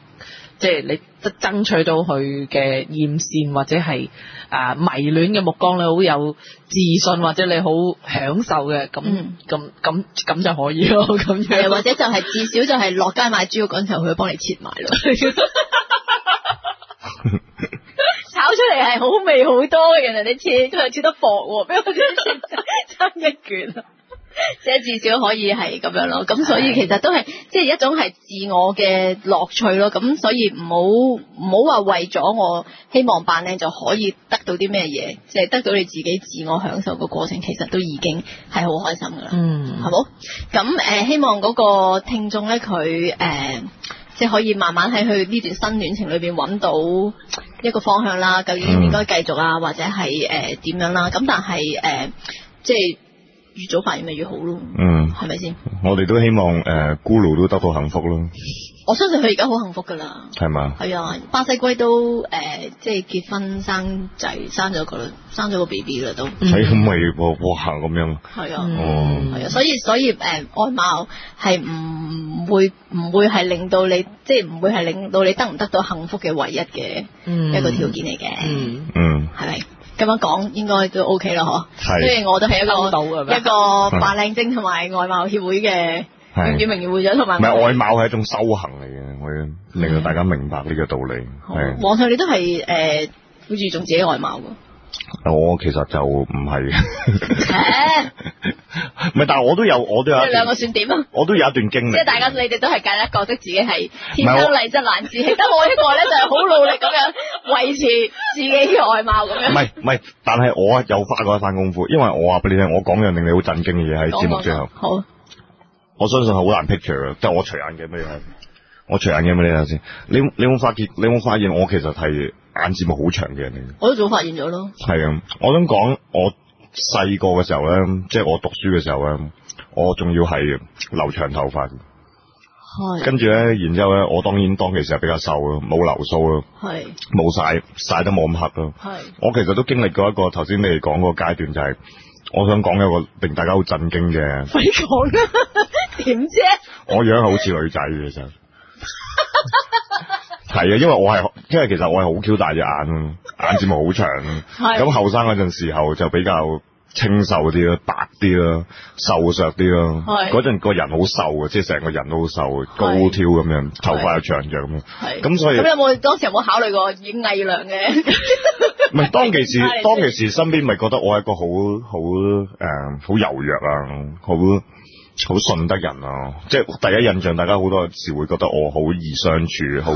即係你得爭取到佢嘅艷羨或者係啊迷戀嘅目光，你好有自信或者你好享受嘅，咁咁咁咁就可以咯，咁樣。或者就係、是，至少就係落街買豬肉嗰陣時候，佢幫你切埋咯， 炒出嚟係好味好多嘅。原來你切都係切得薄，俾我真係差一卷啊！即係至少可以係咁樣咯，咁所以其實都係即係一種係自我嘅樂趣咯。咁所以唔好唔好話為咗我希望扮靚就可以得到啲咩嘢？即係得到你自己自我享受個過程，其實都已經係好開心噶啦嗯，係冇。咁誒、呃，希望嗰個聽眾呢，佢誒即係可以慢慢喺佢呢段新戀情裏邊揾到一個方向啦。究竟應該繼續啊，或者係誒點樣啦？咁但係誒即係。呃就是越早發現咪越好咯，嗯，係咪先？我哋都希望誒咕嚕都得到幸福咯。我相信佢而家好幸福噶啦，係嘛？係啊，巴西龜都誒，即係結婚生仔，生咗個，生咗個 BB 啦都。哎，咁咪哇咁樣，係啊，哦，係啊，所以所以誒外貌係唔會唔會係令到你，即係唔會係令到你得唔得到幸福嘅唯一嘅一個條件嚟嘅，嗯，係咪？咁樣講應該都 OK 啦，嗬是。係，雖然我都係一個一個扮靚精同埋外貌協會嘅，唔少是名譽會長同埋。唔係，外貌係一種修行嚟嘅，是我要令大家明白呢個道理。係，往常，你都係誒好注重自己外貌我其實就唔係，唔係，但係我都有，我都有。你兩個算點啊？我都有一段經歷。即係大家你哋都係介咧，覺得自己係天生麗質難自棄，得我一個咧就係好努力咁樣維持自己嘅外貌咁樣。唔係唔係，但係我有花過一番功夫，因為我話俾你聽，我講樣令你好震驚嘅嘢喺節目最後。好。我相信係好難 picture 嘅，即係我除眼鏡俾你睇。我除眼鏡俾你睇先。你看看你，你，你有冇發現？你有冇發現？我其實係。眼睫毛好長嘅人嚟，嘅，我都早發現咗咯。係啊，我想講我細個嘅時候咧，即係我讀書嘅時候咧，我仲要係留長頭髮，係跟住咧，然之後咧，我當然當其時係比較瘦咯，冇留鬚咯，係冇晒晒得冇咁黑咯，係是。我其實都經歷過一個頭先你哋講嗰個階段就係我想講一個令大家好震驚嘅，鬼講啊？點啫？我樣好似女仔嘅就。 係啊，因為我係，因為其實我係好 Q 大隻眼啊， 眼睫毛好長，咁後生嗰陣時候就比較清秀啲咯，白啲咯，瘦削啲咯，嗰陣個人好瘦啊，即係成個人都好瘦高挑咁樣，頭髮又長着咁樣，咁 的所以咁有冇當時有冇考慮過演藝量嘅？唔 係 當其時，當其時身邊咪覺得我係一個好好誒好柔弱啊，好。好順德人啊，即係第一印象，大家好多時會覺得我好易相處，好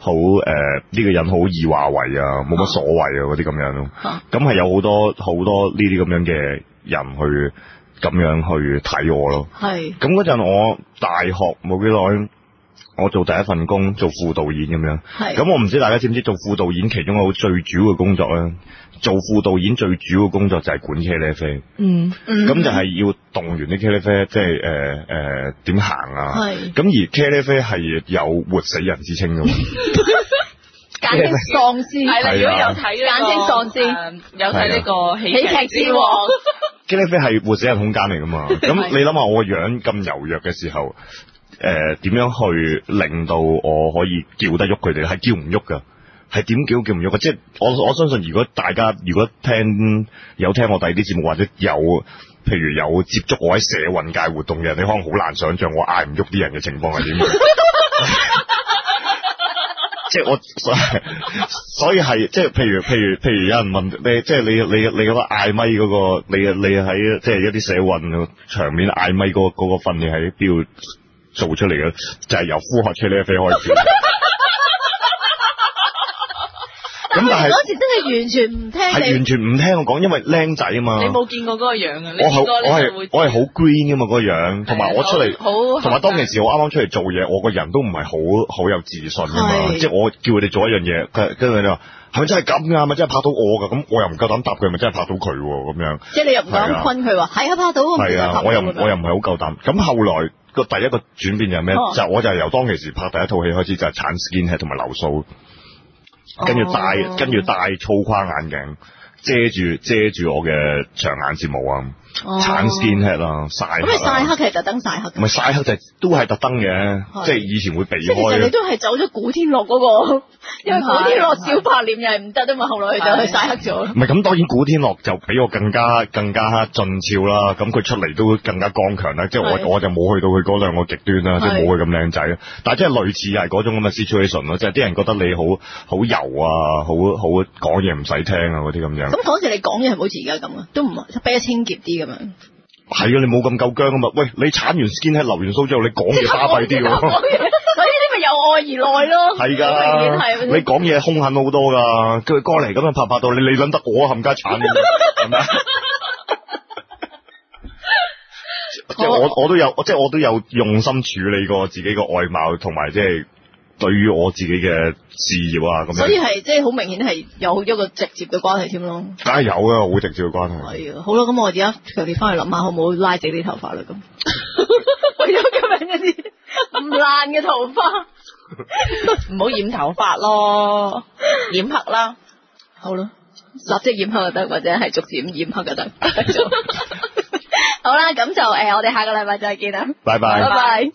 好誒呢個人好易話為啊，冇乜所謂啊嗰啲咁樣咯。咁係、啊、有好多好多呢啲咁樣嘅人去咁樣去睇我咯。係咁嗰陣我大學冇幾耐，我做第一份工做副導演咁樣。係咁是我唔知大家知唔知做副導演其中有最主要嘅工作咧？做副導演最主要嘅工作就係管茄喱啡，嗯，咁就係要動員啲茄喱啡，即係誒誒點行啊？咁是而茄喱啡係有活死人之稱噶嘛？ 簡稱喪屍係啦，的的如果有睇、那個，的簡稱喪屍，有睇呢個喜劇之王。茄喱啡係活死人空間嚟噶嘛？咁的你諗下我個樣咁柔弱嘅時候，誒、呃，點樣去令到我可以叫得喐佢哋，係叫唔喐噶？係點叫，叫唔喐？即係我我相信，如果大家如果聽有聽我第二啲節目，或者有譬如有接觸我喺社運界活動嘅人，你可能好難想象我嗌唔喐啲人嘅情況係點。即係我所以所以係即係譬如譬如譬如有人問你，即係你你你個嗌咪嗰個，你你喺即係一啲社運場面嗌咪嗰個嗰個訓練係點樣做出嚟嘅？就係由呼喝車厘啡開始。 咁但係嗰時真係完全唔聽，係完全唔聽我講，因為僆仔啊嘛。你冇見過嗰個樣啊？我係我係好 green 噶嘛，嗰個樣。同埋我出嚟，好同埋當其時我啱啱出嚟做嘢，我個人都唔係好好有自信噶嘛。即係我叫佢哋做一樣嘢，佢跟住你話係咪真係咁㗎？係咪真係拍到我㗎？咁我又唔夠膽答佢，咪真係拍到佢喎咁樣。即係你又唔敢坤佢話係拍到？係啊，我又我又唔係好夠膽。咁後來個第一個轉變就係咩？就我就係由當其時拍第一套戲開始，就係鏟 Skinhead 同埋留鬚。跟住戴，跟住戴粗框眼鏡，遮住遮住我嘅長眼睫毛啊！產先吃啦，晒、啊，咁你晒黑其實特登晒黑，曬黑？唔係晒黑就是，都係特登嘅，是即係以前會避開。即係你都係走咗古天樂嗰，那個，因為是古天樂小白臉又係唔得啊嘛，是後嚟佢就去晒黑咗。唔係咁，當然古天樂就比我更加更加俊俏啦。咁佢出嚟都更加剛強啦。即係我我就冇去到佢嗰兩個極端啦，即係冇佢咁靚仔。但係即係類似係嗰種咁嘅 situation 咯，即係啲人覺得你好好油啊，好好講嘢唔使聽啊嗰啲咁樣。咁嗰時你講嘢係好似而家咁啊？都唔係比較清潔啲係啊，你冇咁夠僵啊嘛？喂，你鏟完先喺留完鬚之後，你講嘢，巴閉啲喎。所以呢，啲咪由愛而來咯。係噶，你講嘢兇狠好多噶。佢過嚟，咁樣拍拍到你，你你諗得我冚家鏟嘅，係咪啊？即係我我都有，即係我都有用心處理過自己個外貌同埋即係。對於我自己嘅事業啊，咁樣，所以係即係好明顯係有一個直接嘅關係添咯。梗係有啊，好直接嘅關係。係啊，好啦，咁我而家特別翻去諗下，好唔好拉自己頭髮拉直啲頭髮啦？咁 為咗咁樣一啲唔爛嘅頭髮，唔好 染頭髮咯，染黑啦。好啦，立即染黑就得，或者係逐漸染黑就得。 好啦，咁就誒、呃，我哋下個禮拜再見啦。拜拜，拜拜。